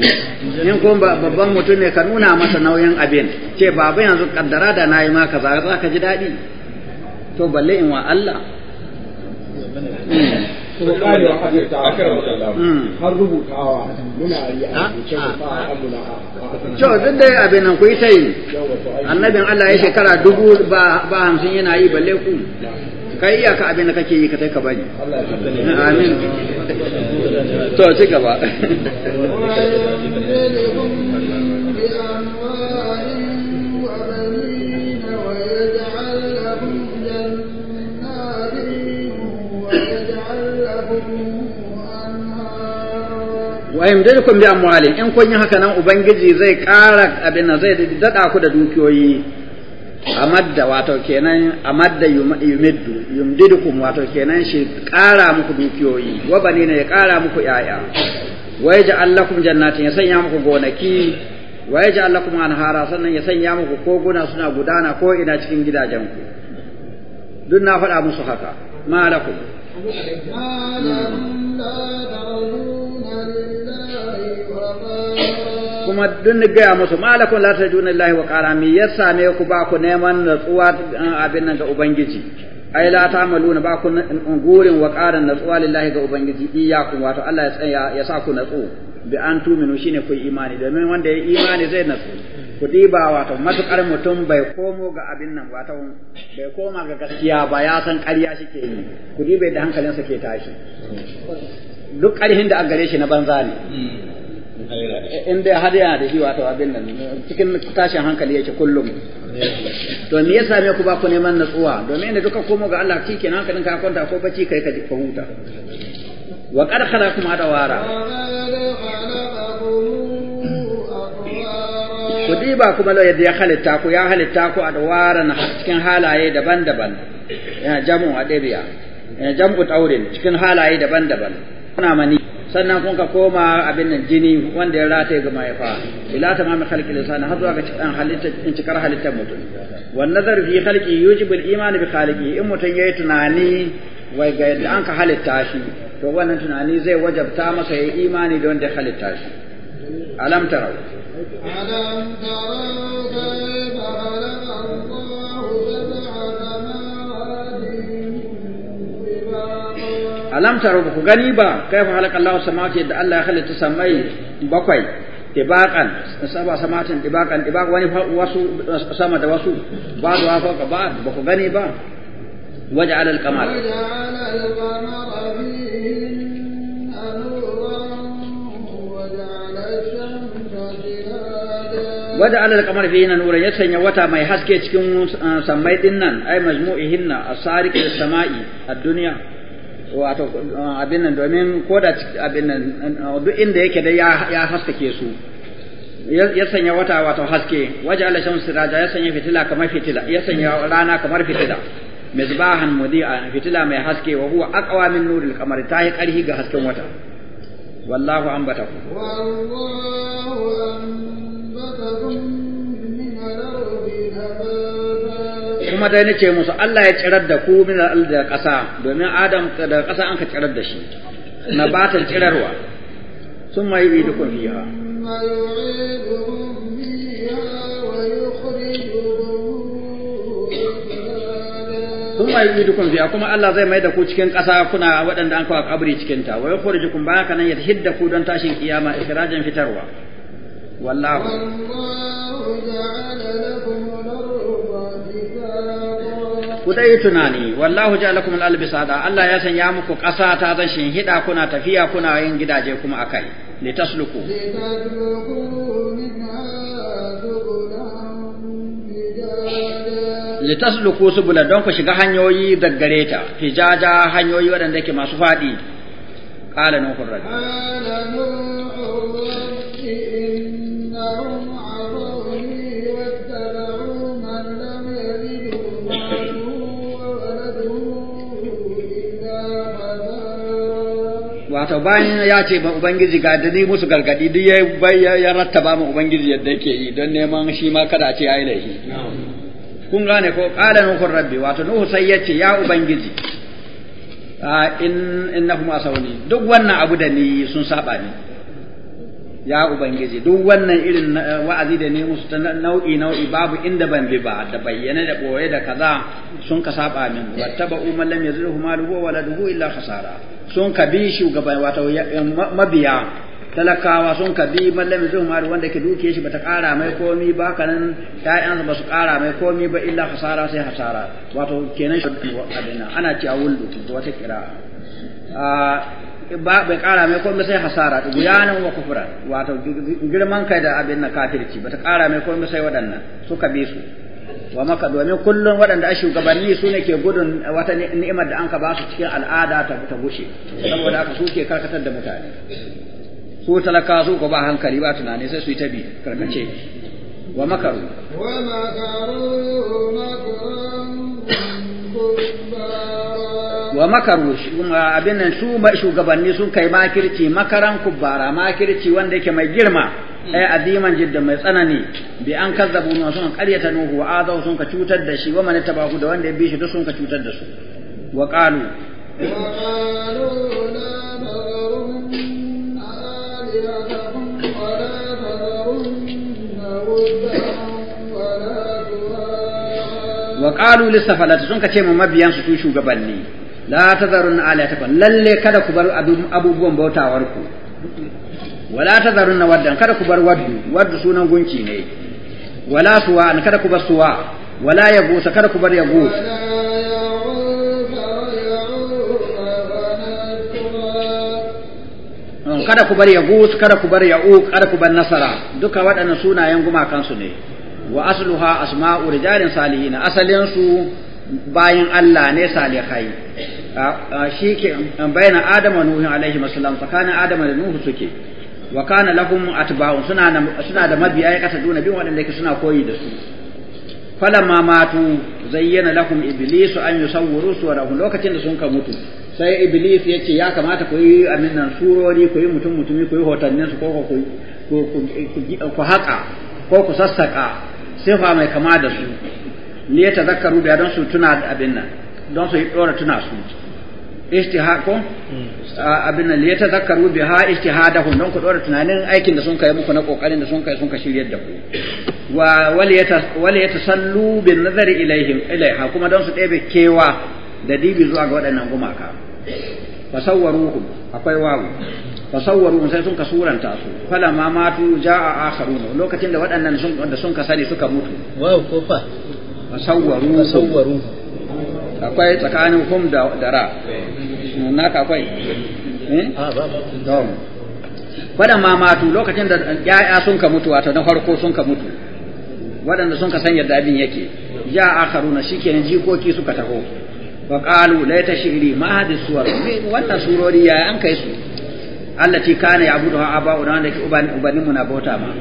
ne in ko babban mutum ne ka nuna masa nauyin abin ce baba yanzu kaddara da nayi ma ka za ka ji daɗi to balle in wa Allah kuma karewa mm. har rubutawa muna yi a ah, rubuce ah. ba duk dai abin nan ku yi ta yi annabin Allah ya shekara dubu ba hamsin yana yi balle ku kai iyaka abin da kake yi ka kai ka bari amin to ci gaba wa yamdadukum bi amwalin in kun yi haka nan ubangiji zai ƙara abin zai dada ku da dukiyoyi amadda wato kenan amadda yumiddu yumdidukum wato kenan shi ƙara muku dukiyoyi wa ne ya kara muku yaya wa yaj'al lakum jannatin ya sanya muku gonaki wa yaj'al lakum anhara sannan ya sanya muku koguna suna gudana ko ina cikin gidajen ku duk na faɗa musu haka ma lakum kuma duk gaya musu malakun la tajuna lillahi wa qala mi yasa ne ku ba ku neman natsuwa eh, abin nan ga ubangiji ai la ta'maluna ba ku ngurin wa qala natsuwa lillahi ga ubangiji iyyakum wato Allah ya tsaya ya sa ku natsu bi an tuminu shine ku imani domin wanda ya imani zai natsu ku diba wato matukar mutum bai komo ga abin nan wato bai koma ga gaskiya ba ya san ƙarya shike yi ku diba da hankalinsa ke tashi duk ƙarhin da a gare shi na banza ne in dai har yana da shi wato abin nan cikin tashin hankali yake kullum to me yasa me ku ba ku neman natsuwa domin da duka komo ga Allah cikin hankalin ka kwanta ko bacci kai ka ka huta wa qad khalaqakum adawara ku ba kuma la yadda ya halitta ku ya halitta ku adawara na cikin halaye daban-daban ya jamu a ya jamu taurin cikin halaye daban-daban kana mani sannan kun ka koma abin nan jini wanda ya rataye ga mahaifa ila tamami da lisan har zuwa ga cikin halitta in cikar halittar mutum wani nazar fi khalqi yujibu al bi khaliqi in mutum yayi tunani wai ga yadda an ka halitta shi to wannan tunani zai wajabta masa yayi imani da wanda ya halitta shi alam tarau alam tarau alam taro ku gani ba kai fa halaka Allah samawati da Allah ya halitta samai bakwai tibaqan saba samatin tibaqan tibaq wani wasu sama da wasu ba da fa ka ba ba ku gani ba waj'al al-qamar waj'al al-qamara wada alal kamar fi yana nura ya sanya wata mai haske cikin eh, sammai dinnan ai majmu'ihinna asariqis sama'i ad-dunya wato uh, abin nan domin ko da abin nan uh, duk inda yake da ya haskake su ya sanya wata wato haske waje ala shamsu siraja ya sanya fitila kamar fitila ya sanya rana kamar fitila misbahan mudi'a fitila mai haske wa huwa aqwa min nuril qamari ta yi karhi ga hasken wata wallahu ambatakum wallahu ambatakum kuma dai nace musu Allah ya tsirar da ku min da ƙasa domin Adam da ƙasa an ka tsirar da shi na batan tsirarwa sun mai yi dukun fiha sun mai yi dukun fiha kuma Allah zai mai da ku cikin ƙasa kuna waɗanda an kawo kabri cikin ta wai kurjikun ba ka nan ya hidda ku don tashin kiyama ikrajin fitarwa wallahu kudai tunani wallahu ja'alakum al albisada Allah ya sanya muku ƙasa ta zan hida kuna tafiya kuna yin gidaje kuma akai litasluku tasluku subula don ku shiga hanyoyi daggareta fijaja hanyoyi waɗanda ke masu faɗi qala nuhur wato bayan ya ce ma ubangiji ga dani musu gargadi duk ya bai ya rattaba mu ubangiji yadda yake yi don neman shi ma kada a ce ai laifi kun gane ko qala nuhu rabbi wato nuhu sai ya ce ya ubangiji in innahum asawni duk wannan abu da ni sun saba ni ya ubangiji duk wannan irin eh, wa'azi da ne musu ta nau'i nau'i babu inda ban bi ba da bayyana da boye da kaza sun ka saba min wattaba umman lam yazruhu maluhu wa waladuhu illa khasara sun ka bi shugaban wato eh, mabiya talakawa sun ka bi mallam zai umar wanda ke duke shi bata kara mai komi ba kanan ƴaƴansa ba su kara mai komi ba illa hasara sai hasara wato kenan shi abin ana cewa wuldu wata kira ah, bai kara mai komai sai hasara guyanan wa kufra wato girman kai da abin na kafirci bata kara mai komai sai waɗannan suka bi su wa maka domin kullum waɗanda a shugabanni su ne ke gudun wata ni'imar da an ka ba su cikin al'ada ta ta gushe saboda haka su ke karkatar da mutane su talaka su ko ba hankali ba tunani sai su yi ta bi karkace wa makaru wa makaru wa makaru abin nan su shugabanni sun kai makirci makaran kubbara makirci wanda yake mai girma mm. ai aziman jidda mai tsanani bi an kazzabu nuhu sun qaryata nuhu wa azaw sun ka cutar da shi wa man tabahu da wanda ya bi shi da sun ka cutar da su wa wa qalu وقالوا qalu lisafalati sun ما mu mabiyan su shugabanni la tazarun aliyatakum lalle kada ku bar abubuwan بوتا ku ولا تذرن waddan kada ku bar waddu waddu sunan gunki ne wala suwa kada ku bar suwa wala yagus kada ku bar kada ku bar kada ku bar ya'uq kada ku bar nasara duka waɗannan sunayen gumakansu ne wa asluha asma'u rijalin salihin asalin su bayin Allah ne salihai shi ke bayan Adam wa Nuhu alaihi wasallam tsakanin Adam da Nuhu suke wa kana lahum atba'u suna suna da mabiya kasa duna bin waɗanda yake suna koyi da su falamma matu zayyana lahum iblis an yusawwiru wa lokacin da sun ka mutu sai iblis ya ce ya kamata ku yi amin nan surori ku yi mutum mutumi ku yi hotannin su ko ku ku haƙa ko ku sassaka fa mai kama da su ne ta zakaru biya don su tuna da abin nan don su yi dora tuna su istihako hmm. abin nan ta ya ha istihada hun don ku dora tunanin aikin da sun kai muku na kokarin da sun kai sun ka shiryar da ku wa wal yatasallu bin nazari ilaihim ilaiha kuma don su ɗebe kewa da dibi zuwa ga waɗannan gumaka fasawwaruhum akwai wawu fasawwaru sai sun ka suranta su fala ma matu jaa akharuna lokacin da waɗannan sun da sun ka sani suka mutu wow ko fa fasawwaru fasawwaru akwai tsakanin hum da dara ka akwai eh a ah, ba ba ma matu lokacin da ya'ya sun ka mutu wato na farko sun ka mutu waɗanda sun ka san yadda abin yake ya akharuna shikenan jikoki suka taho wa qalu laita shi'ri ma hadis suwar wannan surori ya an kai su allati kana ya'buduha aba'una da ke ubani mu na bauta ma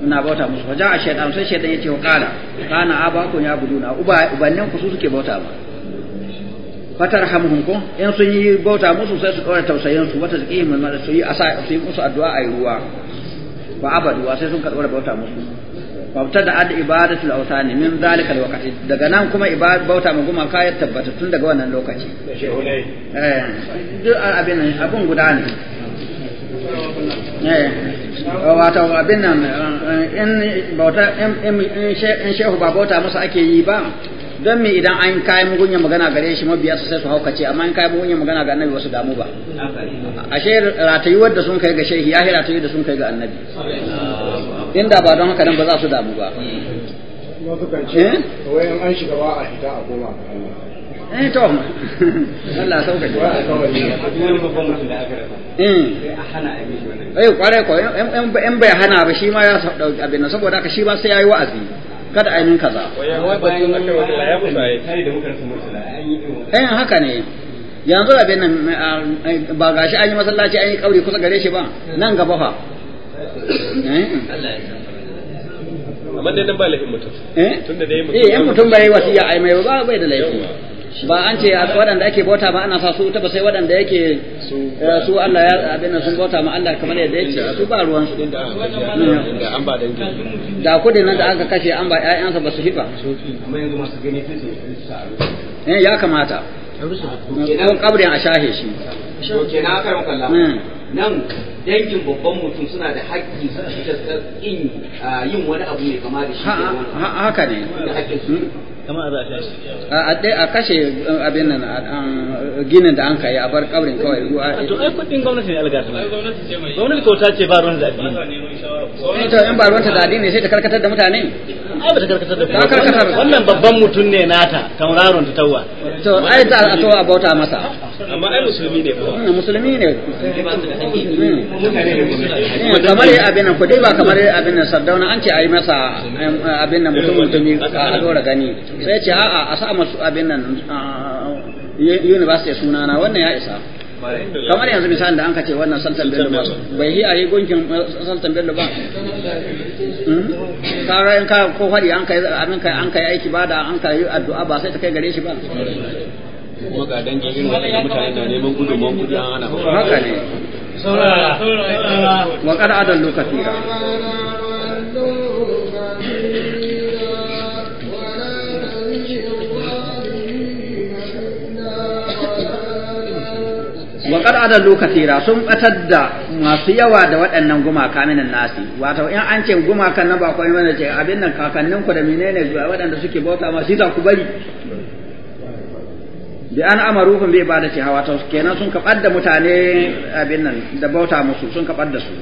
muna bauta musu fa ja'a shaytan sai shaytan yace wa qala kana aba'ukum ya'buduna uba ubannin ku su suke bauta ma fatarhamuhum ko in sun yi bauta musu sai su dora tausayin su wata zakihim min su yi asa su yi musu addu'a ayi ruwa ba abadu sai sun karbar bauta musu fa tada ad ibadatu al-awthani min zalika al-waqti daga nan kuma ibad bauta ma kuma ka ya tabbata tun daga wannan lokaci eh duk abin abun guda ne Eh, wato abin nan eh, in bauta in shehu ba bauta masa ake yi ba don me idan an kayi mugunya magana gare shi mabiya su sai su haukace amma an kayi mugunya magana ga annabi wasu damu ba ashe ratayuwar da sun kai ga shehi ya ratayuwar da sun kai ga annabi inda ba don haka nan ba za su damu ba wasu kan ce eh? wai an shiga ba a hita a koma eh to Allah sauka ji mm. eh ko in bai hana ba shi ma ya dauki abin saboda haka shi sai yayi wa'azi kada a yi min kaza eh haka ne yanzu nan eh, ah, eh, ba gashi an yi masallaci an yi kauri kusa gare ba nan gaba fa eh. amma dai nan ba laifin mutum eh tunda dai mutum eh in mutum bai wasiya ai mai ba bai da laifi ba an ce waɗanda ake bauta ba ana sa su ta ba sai waɗanda yake su eh, Allah ya abin sun bauta ma Allah kamar yadda yake su ba ruwan su da kudin nan da aka kashe an ba ƴaƴansa ba su hiba eh ya kamata idan kabrin a shahe shi kenan aka yi kallama. Hmm. nan dangin babban mutum suna da haƙƙi su ah, yin wani abu mai kama da shi haka ne da haƙƙin su hmm. kamar a za a a a kashe eh, abin nan ginin da an kai a bar kabrin kawai ruwa to ai kudin gwamnati ne algasa gwamnati kauta ce ba ruwan da addini eh, to in ba ruwan ta da addini sai ta karkatar da mutane ai ba ta karkatar da mutane wannan babban mutum ne nata tauraron ta tawwa to ai ta a to a bauta masa amma ai musulmi ne ba hmm, musulmi ne hmm. hmm, kamar yi abin nan ku dai ba kamar yi abin nan sardauna an ce a yi masa eh, abin nan mutum mutumi a dora gani sai ce a'a a sa masu abin nan university sunana wannan ya isa kamar yanzu misali da an ka ce wannan sultan bello ba bai hi a yi gunkin eh, sultan bello ba hmm? kaga in ka ko hari an kai abin kai an kai aiki ba da an kai addu'a ba sai ta kai gare shi ba kuma ga dangin irin wannan mutane neman kudi an ana haka ne wa kada adallu lokaci wa ada lokaci ra sun batar da masu yawa da waɗannan gumaka min nasi wato in an ce gumakan nan ba kwai mana ce abin nan kakannin ku da menene zuwa waɗanda suke bauta ma shi za ku bari bi an amaruhum bi ibadati hawa to kenan sun kabar da mutane abin nan da bauta musu sun kabar da su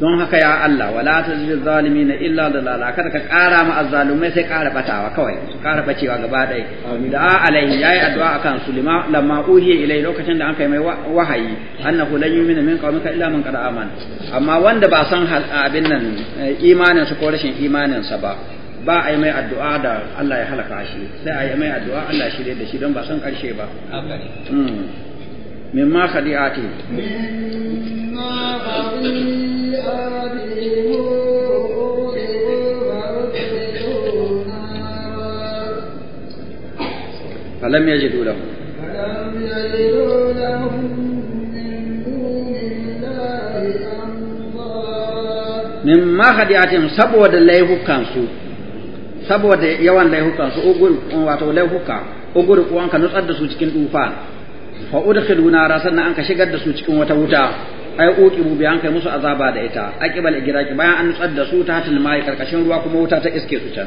don haka ya Allah wala tazil zalimin illa dalala kada ka kara ma azzalumai sai kara batawa kawai su kara bacewa gaba ɗaya da alaihi yayi addu'a akan su lamma uhiya ilai lokacin da an kai mai wahayi annahu lan yu'mina min qaumika illa man qad aman amma wanda ba san abin nan eh, imanin su ko rashin imanin sa ba ba a yi mai addu'a da Allah ya halaka shi sai a yi mai addu'a Allah shirye da shi don ba san karshe ba مما khadi'ati فلم يجدوا له لهم من دون الله أنصارا مما كانسو wato laihuka ugur kuwan ka nutsar da su cikin tufa fa udkhilu nara sannan an ka shigar da su cikin wata wuta ai uqibu bi an kai musu azaba da ita aqibal igraki bayan an nutsar da su ta hatil mai karkashin ruwa kuma wuta ta iske su can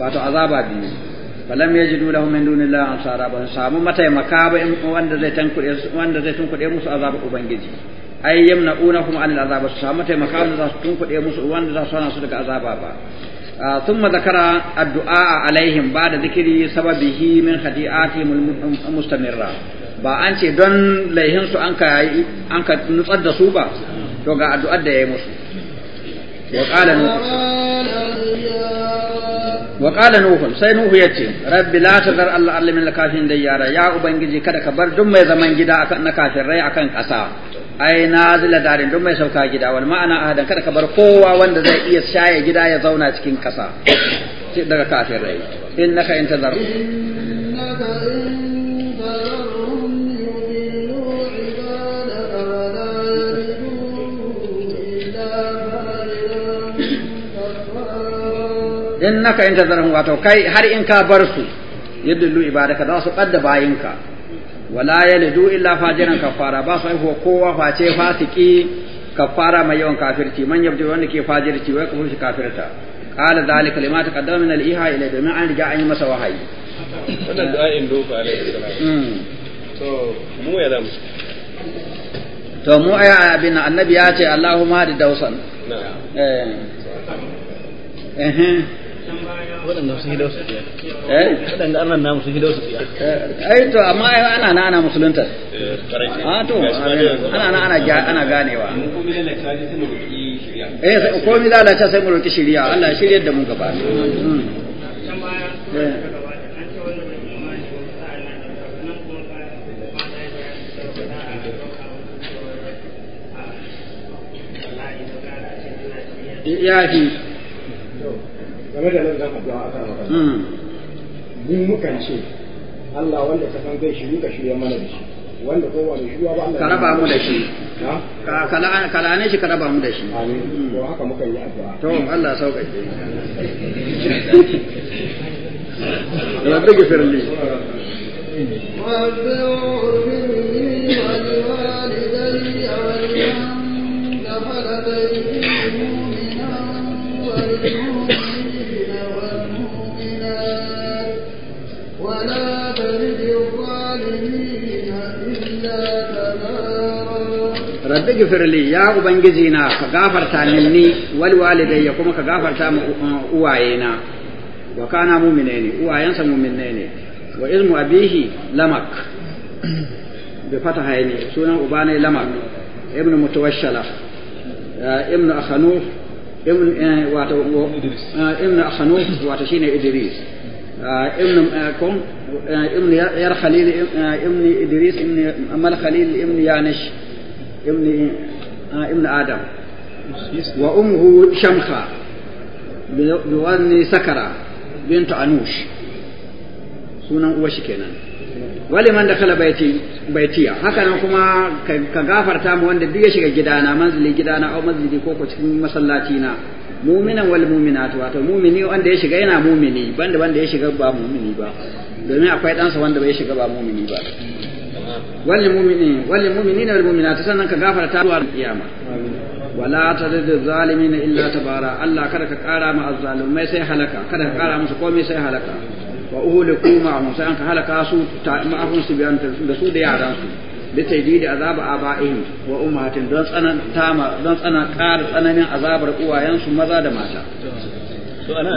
wato azaba biyu falam yajidu lahum min dunillahi ansara ban samu mataimaka ba wanda zai tankure wanda zai tankure musu azaba ubangiji ay yamna'unahum anil azaba su samu mataimaka wanda za su tankure musu wanda za su hana su daga azaba ba ثم ذكر الدعاء عليهم بعد ذكر سببه من خديعاتهم المستمره ba an ce don laihinsu an ka nutsar da su ba to ga addu'ar da ya yi musu wa ƙala nuhu sai nuhu ya ce rabbi la zar allah allah min kafin da yara ya ubangiji kada ka bar duk mai zaman gida na kafirai akan ƙasa ai zila darin duk mai sauka gida wani ma'ana a hadan kada ka bar kowa wanda zai iya shaye gida ya zauna cikin ƙasa daga kafirai innaka intazar innaka in tazarhum wato kai har in ka bar su yadullu ibadaka za su kadda bayinka wala yalidu illa fajiran kafara ba su haihuwa kowa face fasiki kafara mai yawan kafirci man yabdi wanda ke fajirci wai kafir shi kafirta qala zalika lima taqaddama min al-iha ila domin an riga an yi masa wahayi wannan du'a'in dofa alaihi salam to mu ya zamu to mu aya abin annabi ya ce Allahumma da dausan na'am eh eh waɗanda hidau su tsiya eh waɗanda annan namu hidau su tsiya to amma ai ana na ana musulunta a to ana na ana ana ganewa eh ko mi sai mu roki shiriya Allah ya shiryar da mu gaba game da nan zan addu'a a kan hmm. mu mukan ce Allah wanda san ka shirya mana da shi wanda ko wani ba Allah ka raba mu da shi ka lane shi ka raba mu da shi amin hmm. to haka mukan yi addu'a to Allah ya sauka دخل مؤمنا rabbi gifirli ya ubangiji na ka gafarta minni wal walidayya kuma ka gafarta mu uh, uwaye na wa kana mu'mine uwayensa mu'mine ne wa ilmu abihi lamak bi fataha ne sunan uba ne lamak ibnu mutawashala uh, ibnu akhanuf ibnu eh, wato uh, ibnu akhanuf wato shine idris ابن كم ابن ير خليل ابن ادريس ابن امل خليل ابن يانش ابن ابن آدم وأمه شمخة بوزن سكرة بنت أنوش sunan uwashi kenan wali man kala baitiya haka nan kuma ka gafarta mu wanda duk ya shiga gidana manzili gidana au manzili ko ko cikin masallaci na mumina wal mu'minatu wato mu'mini wanda ya shiga yana mu'mini banda wanda ya shiga ba mu'mini ba domin akwai dansa wanda bai shiga ba mu'mini ba wal mu'minin wal mu'minina wal mu'minat sannan ka gafarta zuwa kiyama wala tadid na illa tabara Allah kada ka kara ma azzalumai sai halaka kada ka kara musu komai sai halaka wa uhliku ma'ahum sai an ka halaka su ma'ahum su da su da yaran su da tajdidi azab aba'ihim wa ummatin don tsanan ƙara tsananin azabar uwayen maza da mata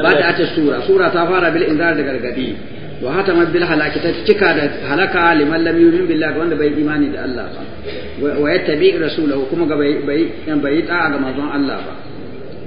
ba ta sura sura ta fara bil da gargadi wa ma bil halaki ta cika da halaka liman lam yu'min billahi ga wanda bai imani da Allah ba wa yattabi rasulahu kuma ga bai bai bai da'a ga manzon Allah ba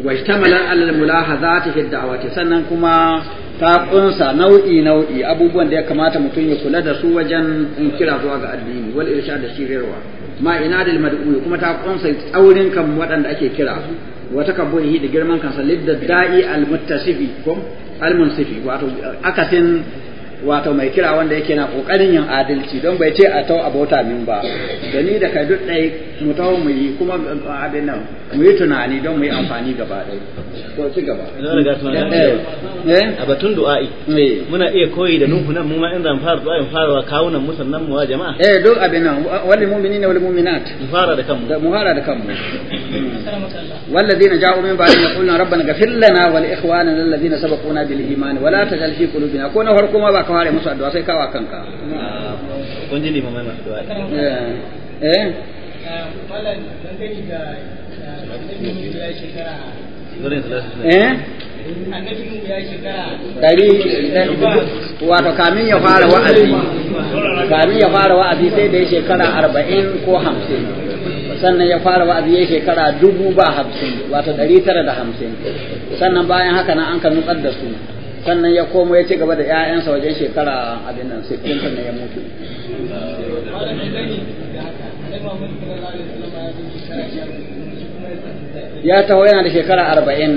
wa ishtamala al mulahazati fi da'wati sannan kuma ta kunsa nau'i nau'i abubuwan da ya kamata mutum ya kula da su wajen in kira zuwa ga addini wal irshad da shirirwa ma ina da mad'u kuma ta kunsa tsaurin kan waɗanda ake kira wa takabbuhi da girman kansa lidda da'i al muttasifi ko al munsifi wato akasin wato mai kira wanda yake na kokarin yin adalci don bai ce a tau abota min ba da ni da kai duk dai mu tau mu yi kuma ah, abin nan mu yi tunani don mu yi amfani gaba dai to ci gaba eh, eh, eh. a batun du'a'i muna iya koyi da nuhu nan mu ma in zan fara du'a'in farawa kawunan mu musannan mu wa jama'a eh duk abin nan wal mu'minina wal mu'minat mu fara da kanmu mu fara da kanmu والذين جاءوا من بعدهم يقولون ربنا اغفر لنا ولاخواننا الذين سبقونا بالايمان ولا تجعل في قلوبنا كون ba. ka fara musu addu'a sai kawa kanka kun ji limamai masu addu'a eh malam dangane da annabi da shekara eh, eh? wato kamin ya fara wa'azi kamin ya fara wa'azi sai da ya shekara arba'in ko hamsin sannan ya fara wa'azi ya shekara dubu ba hamsin wato ɗari tara da hamsin sannan bayan haka na an ka nutsar da su sannan ya komo ya ci gaba da ‘ya'yansa wajen shekara abin nan sittin sannan ya mutu. Ya taho yana da shekara arba'in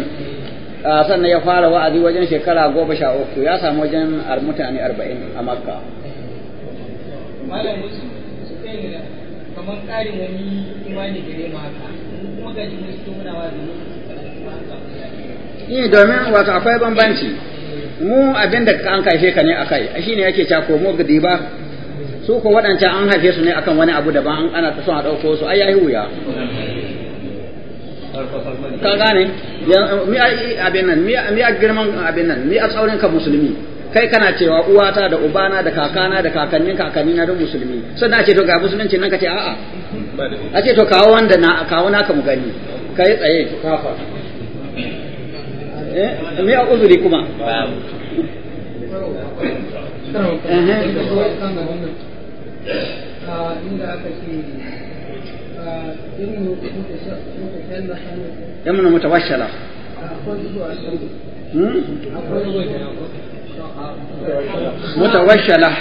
sannan ya fara wa'azi wajen shekara goma sha uku ya samu wajen mutane arba'in a makka. Malam wasu su ne kamar imani gare mun ni domin wato akwai bambanci. mu abin da an haife ka ne akai shi ne ake cewa komo ga ba su ko waɗancan an haife su ne akan wani abu daban ana son a ɗauko su ai yayi wuya ka gane mi abin nan mi a girman abin nan mi a tsaurin ka musulmi kai kana cewa uwata da ubana da kakana da kakannin na da musulmi sannan ce to ga musulunci nan ka ce a'a a ce to kawo wanda na kawo naka mu gani kai tsaye kafa me eh? a uzuri kuma ah, ah, ya mata washala mata washala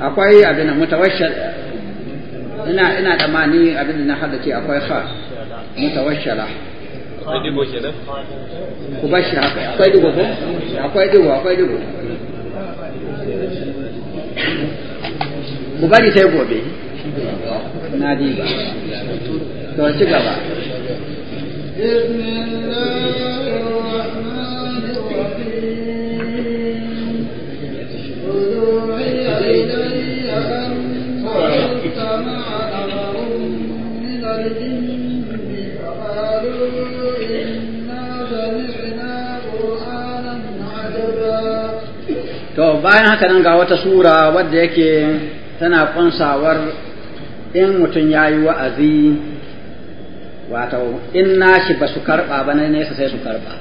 akwai abin mata washala ina da mani abin da na hada ce akwai ha mata washala akwai digo kenan ku ba shi haka akwai digo ko akwai digo akwai digo ku bari sai gobe na diga to ci gaba bayan haka nan ga wata sura wadda yake tana kunsawar in mutum ya yi wa'azi wato in nashi ba su karɓa ba na nesa sai su karɓa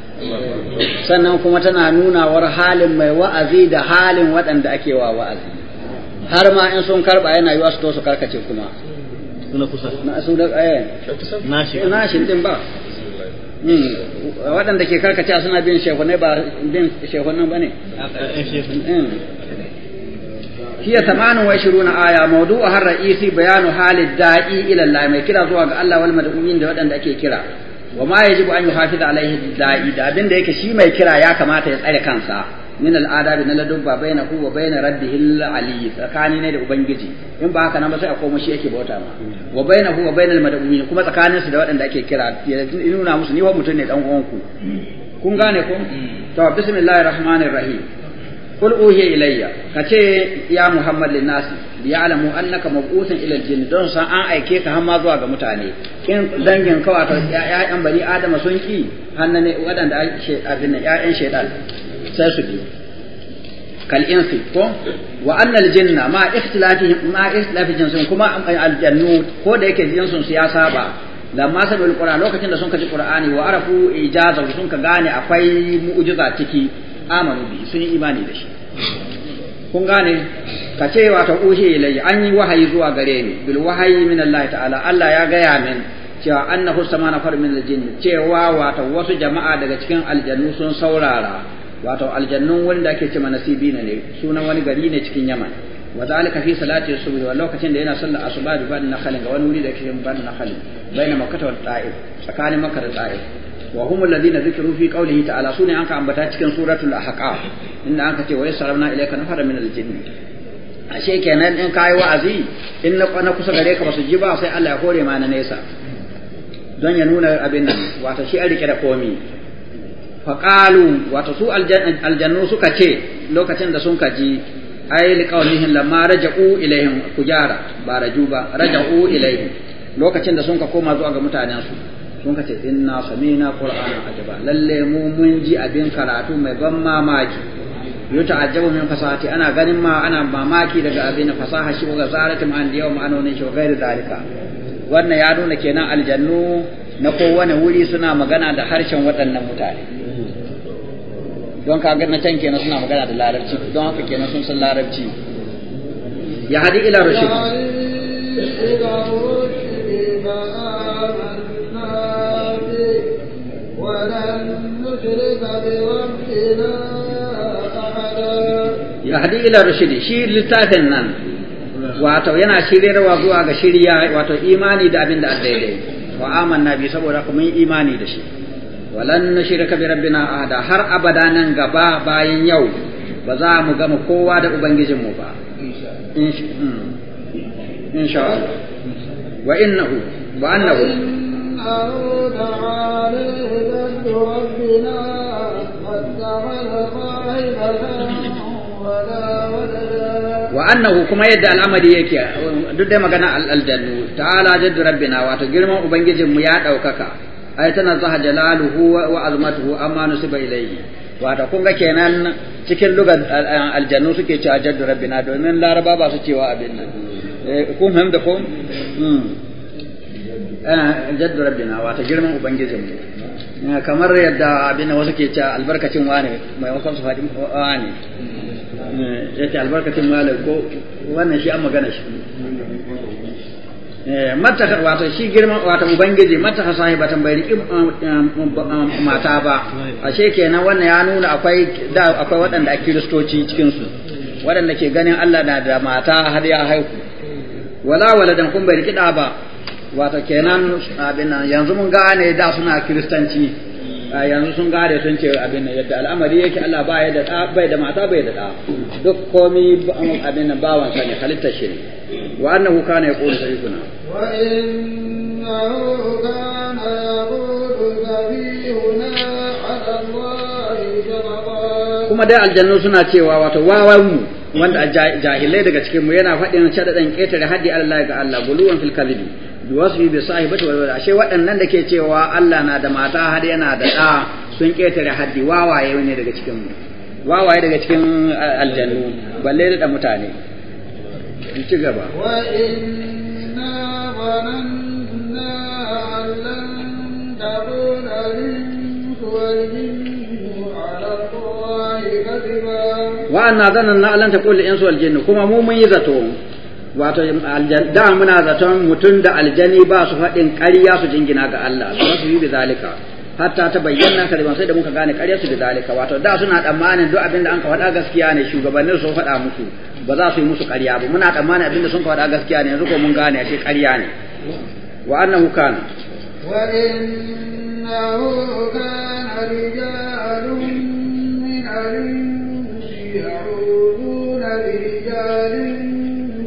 sannan kuma tana nunawar halin mai wa'azi da halin waɗanda ake wa wa'azi har ma in sun karɓa yana yi wasu to su karkace kuma na kusa na su da eh. nashi din ba waɗanda ke karkaci asuna bin shehu ne ba bin shehu ba ne. kiya hmm. tamanin wai shiru na aya maudu har ra'ici bayanin hali daɗi illallah mai kira zuwa ga Allah wali ma da ƙungiyan ake kira wa maye jibu anyi hafi alaihi dai da abinda yake shi mai kira ya kamata ya tsare kansa. min al'adabi na ladubba baina hu wa baina rabbihil ali tsakani ne da ubangiji in ba haka nan ba sai a koma shi yake bauta ma wa baina hu baina kuma tsakanin su da waɗanda ake kira ya nuna musu ni wa mutum ne dan uwanku kun gane ko to bismillahir rahmanir rahim kace ya muhammad كتي يا ya'lamu annaka ليعلموا ila مبعوث don الجن an aike ka har ma zuwa ga mutane kin dangin kawata ya'yan bani adama sun ki hannane waɗanda ake shedan ya'yan shedan tasu biyu kal su ko wa annal jinna ma ikhtilafihim ma ikhtilafi jinsin kuma aljannu ko da yake jinsin su ya saba lamma sami alquran lokacin da sun kaji qur'ani wa arafu ijaza sun ka gane akwai mu'jiza ciki amanu bi sun yi imani da shi kun gane ka ce ta uhi ilayya an yi wahayi zuwa gare ni bil wahayi min Allah ta'ala Allah ya gaya min cewa annahu samana far min al cewa wasu jama'a daga cikin aljannu sun saurara wato aljannun wurin da ake cewa nasibina ne sunan wani gari ne cikin yaman wa zalika fi salati subhi wa lokacin da yana sallar asuba bi ban nakhalin ga wani wuri da yake ban nakhalin baina makkah wa ta'if tsakanin makkah da ta'if wa hum alladhina dhikru fi qawlihi ta'ala sunan anka ambata cikin suratul ahqaf inda anka ce wa yasarna ilayka nafara min aljinn ashe kenan in kai wa'azi in na kusa gare ka basu ji ba sai Allah ya hore ma na nesa don ya nuna abin nan wato shi an rike da komi faƙalu wato su aljannu suka ce lokacin da sun kaji ai liƙaunihin lamma raja'u ilaihim kujara ba raju ba raja'u ilaihim lokacin da sun ka koma zuwa ga mutanen su sun ka ce inna samina qur'ana ajaba lalle mu mun ji abin karatu mai ban mamaki yuta ajabu min fasahati ana ganin ma ana mamaki daga abin fasaha shi ga zarati ma an yau ma'anonin shi gairu dalika wannan ya nuna kenan aljannu na kowane wuri suna magana da harshen waɗannan mutane don kaga na can kenan suna magana da larabci don haka kenan sun san larabci ya hadi ila rashid ya hadi ila rashid shi littafin nan wato yana shiryarwa zuwa ga shirya wato imani da abin da daidai wa amanna bi saboda kuma yi imani da shi walan nushrika bi rabbina ahada har abada nan gaba bayan yau ba za mu gama kowa da ubangijin mu ba hmm. insha Allah wa innahu wa annahu wa annahu kuma yadda al'amari yake duk da magana al'aljannu ta'ala jaddu rabbina wato girman ubangijinmu ya ɗaukaka ai tana zaha jalaluhu wa azmatuhu amma nusiba ilayhi wato kun ga kenan cikin lugar aljannu suke cewa jaddu rabbina domin laraba ba su cewa abin nan eh, kun fahim da kun hmm. eh, jaddu rabbina wato girman ubangijin mu eh, kamar yadda abin wasu ke cewa albarkacin mai wakan su faɗi wane yace albarkacin wani ko wannan shi an magana shi Eh, mata wato shi girman wato ubangiji mata ha sahibatan bai riki um, um, um, mata ba ashe kenan wannan ya nuna akwai da akwai waɗanda ake kiristoci cikin su waɗanda ke ganin Allah na da mata har ya haihu wala waladan kun bai riki da ba wato kenan abin nan yanzu mun gane da suna kiristanci yanzu sun gane sun ce abin nan yadda al'amari yake Allah ba ya da bai da mata bai da da duk komai abin nan bawan sa ne halitta shi ne wa annahu kana yaqulu sayyiduna kuma dai aljannu suna cewa wato wawan mu wanda jahilai daga cikin mu yana faɗin shadadan ketare haddi Allah ga Allah buluwan fil kadhibi biwasfi bi sahibati wal walad ashe waɗannan da ke cewa Allah na da mata har yana da ɗa sun ƙetare haddi wawaye ne daga cikin mu wawaye daga cikin eh, aljannu balle da mutane in ci gaba wa inna anna insu wal kuma mu mun yi zato wato da muna zaton mutum da aljani ba su faɗin ƙarya su jingina ga Allah su yi bi zalika hatta ta bayyana kaliban sai da muka gane ƙaryarsu da zalika wato da suna tsammanin duk abin da an ka faɗa gaskiya ne shugabannin sun faɗa musu ba za su yi musu ƙarya ba muna tsammanin abin da sun ka faɗa gaskiya ne yanzu ko mun gane shi ƙarya ne wa annahu kana wa innahu kana rijalun min alim ya'uduna bi rijalin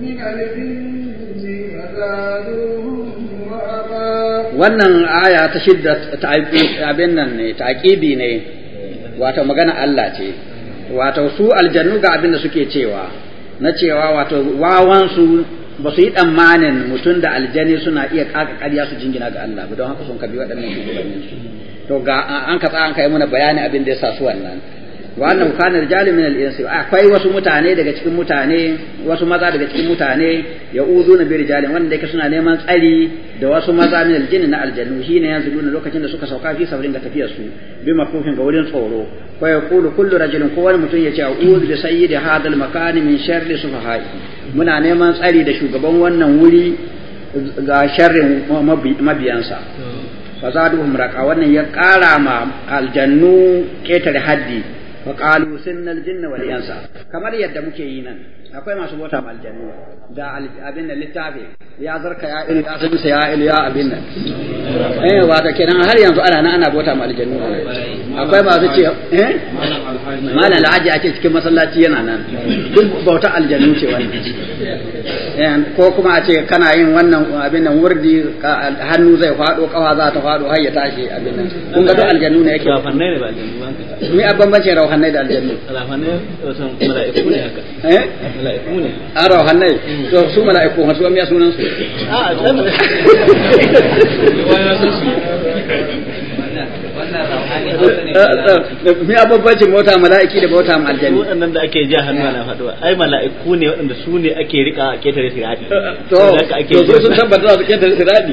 min alim wannan aya ta shidda abin nan ne taƙibi ne wato magana Allah ce wato su aljannu ga abin da suke cewa na cewa wato wawansu ba su yi tsammanin mutum da aljani suna iya kaka ƙarya su jingina ga Allah ba don haka sun kabi waɗannan to ga an ka tsaya an kai mana bayani abin da ya sa su wannan wa annam kana rijalun min al-ins akwai wasu mutane daga cikin mutane wasu maza daga cikin mutane ya uzuna bi rijalin wanda yake suna neman tsari da wasu maza min al-jinn na aljannu shine yanzu duna lokacin da suka sauka fi sabrin ga tafiyar su bi makufin ga wurin tsoro ko ya kulu kullu rajulin ko wani mutum yace a'udhu bi sayyidi hadha al-makan min sharri sufahai muna neman tsari da shugaban wannan wuri ga sharrin mabiyansa hmm. fa zaduhum raqa wannan ya kara ma aljannu ketare haddi wa qalu sinnal jinna wal insa kamar yadda muke yi nan akwai masu bota mal da abin nan littafi ya zarka ya ilu ya sabisa ya ilu ya abin nan eh wato kenan har yanzu ana nan ana bota mal jannu akwai masu ce eh malam alhaji ake cikin masallaci yana nan duk bauta aljanu ce wannan ko kuma a ce kana yin wannan abin nan wurdi hannu zai fado kawa za ta fado har ya tashi abin nan kun ga duk aljanu ne yake ba fannai ne ba aljannu ba mi abban bace rohannai da aljannu alhamane wasan mala'iku ne haka eh mala'iku ne a rohannai to su mala'iku har su amiya sunan su a mi abubuwan mota mala'iki da mota aljanni waɗannan da ake ji hannu na faɗuwa ai mala'iku ne waɗanda su ne ake rika a ketare sirati to to su sun tabbata su ketare sirati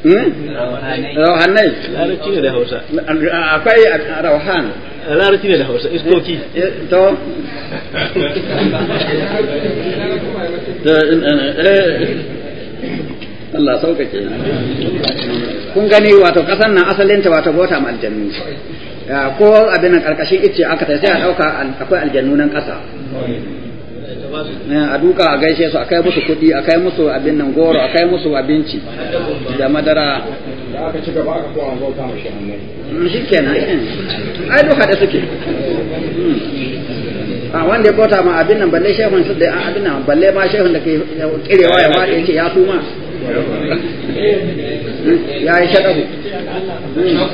Hmm? rauhanai larabci ne da hausa akwai rauhan larabci ne da hausa iskoki to Allah sauƙaƙe kun gani wato ƙasar nan asalinta wato bota ma aljannu ko abin nan ƙarƙashin ice aka ta sai a ɗauka akwai aljannu nan ƙasa a duka a gaishe su a kai musu kudi a kai musu abin nan goro a kai musu abinci da madara da aka ci gaba aka kowa bauta mashi annabi mm, shi kenan eh. ai duka da suke mm. a wanda ya bauta ma abin nan balle shehun su da abin nan balle ma shehun da ke kirewa ya wada yace ya suma mm, ya yi shaɗahu na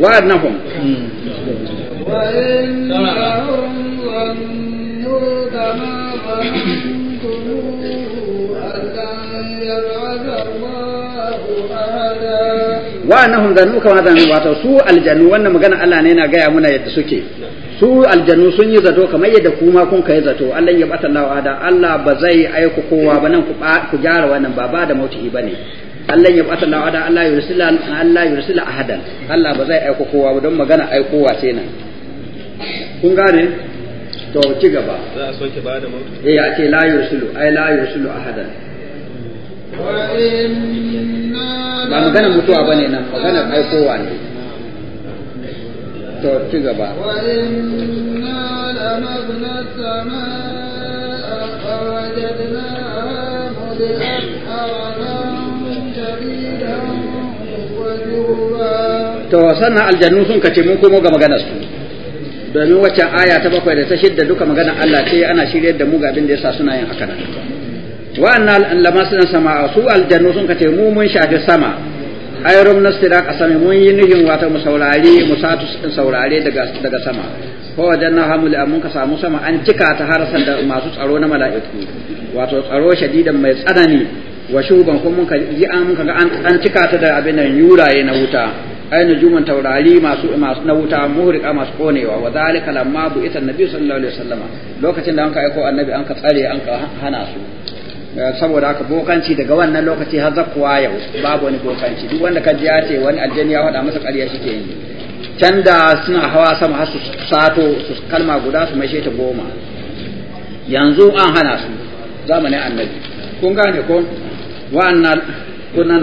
wa'annahum الجند ما ظننتم أن لن zanu kama zanu wato su aljanu wannan magana Allah ne yana gaya muna yadda suke su aljanu sun yi zato kamar yadda kuma kun kai zato Allah ya bata Allah ada Allah ba zai aiko kowa ba nan ku gyara wannan ba ba da ba bane Allah ya bata Allah ada Allah yursila Allah yursila ahadan Allah ba zai aiko kowa ba don magana aikowa ce nan kun gane to ci gaba za a soke ba da mutu eh a la yursulu ai la yursulu ahadan ba magana mutuwa bane nan magana aikowa ne to ci gaba to sannan aljannu sun kace mun komo ga maganar su domin waccan aya ta bakwai da ta shidda duka magana Allah ce ana shirye da mu ga abin da yasa suna yin haka nan wa anna lama suna sama su aljannu sun kace mu mun shafi sama ayrum nasira qasami mun yi nihin wata mu saurare mu satu saurare daga daga sama ko wajanna hamul amun ka samu sama an cika ta san da masu tsaro na mala'iku wato tsaro shadidan mai tsanani wa shuban kuma mun ka ji an ga an cika ta da abin nan yuraye na wuta aina juman taurari masu masu na wuta muhrika masu konewa wa zalika lamma bu ita nabi sallallahu alaihi wasallam lokacin da an ka aiko annabi an ka tsare an ka hana su eh, saboda haka bokanci daga wannan lokaci har zakkuwa yau babu wani bokanci duk wanda ji ya ce wani aljani ya faɗa masa ƙarya shi ke yi can da suna hawa sama har su sato su kalma guda su mai ta goma yanzu an hana su zamanin annabi kun gane ko wa'annan kunna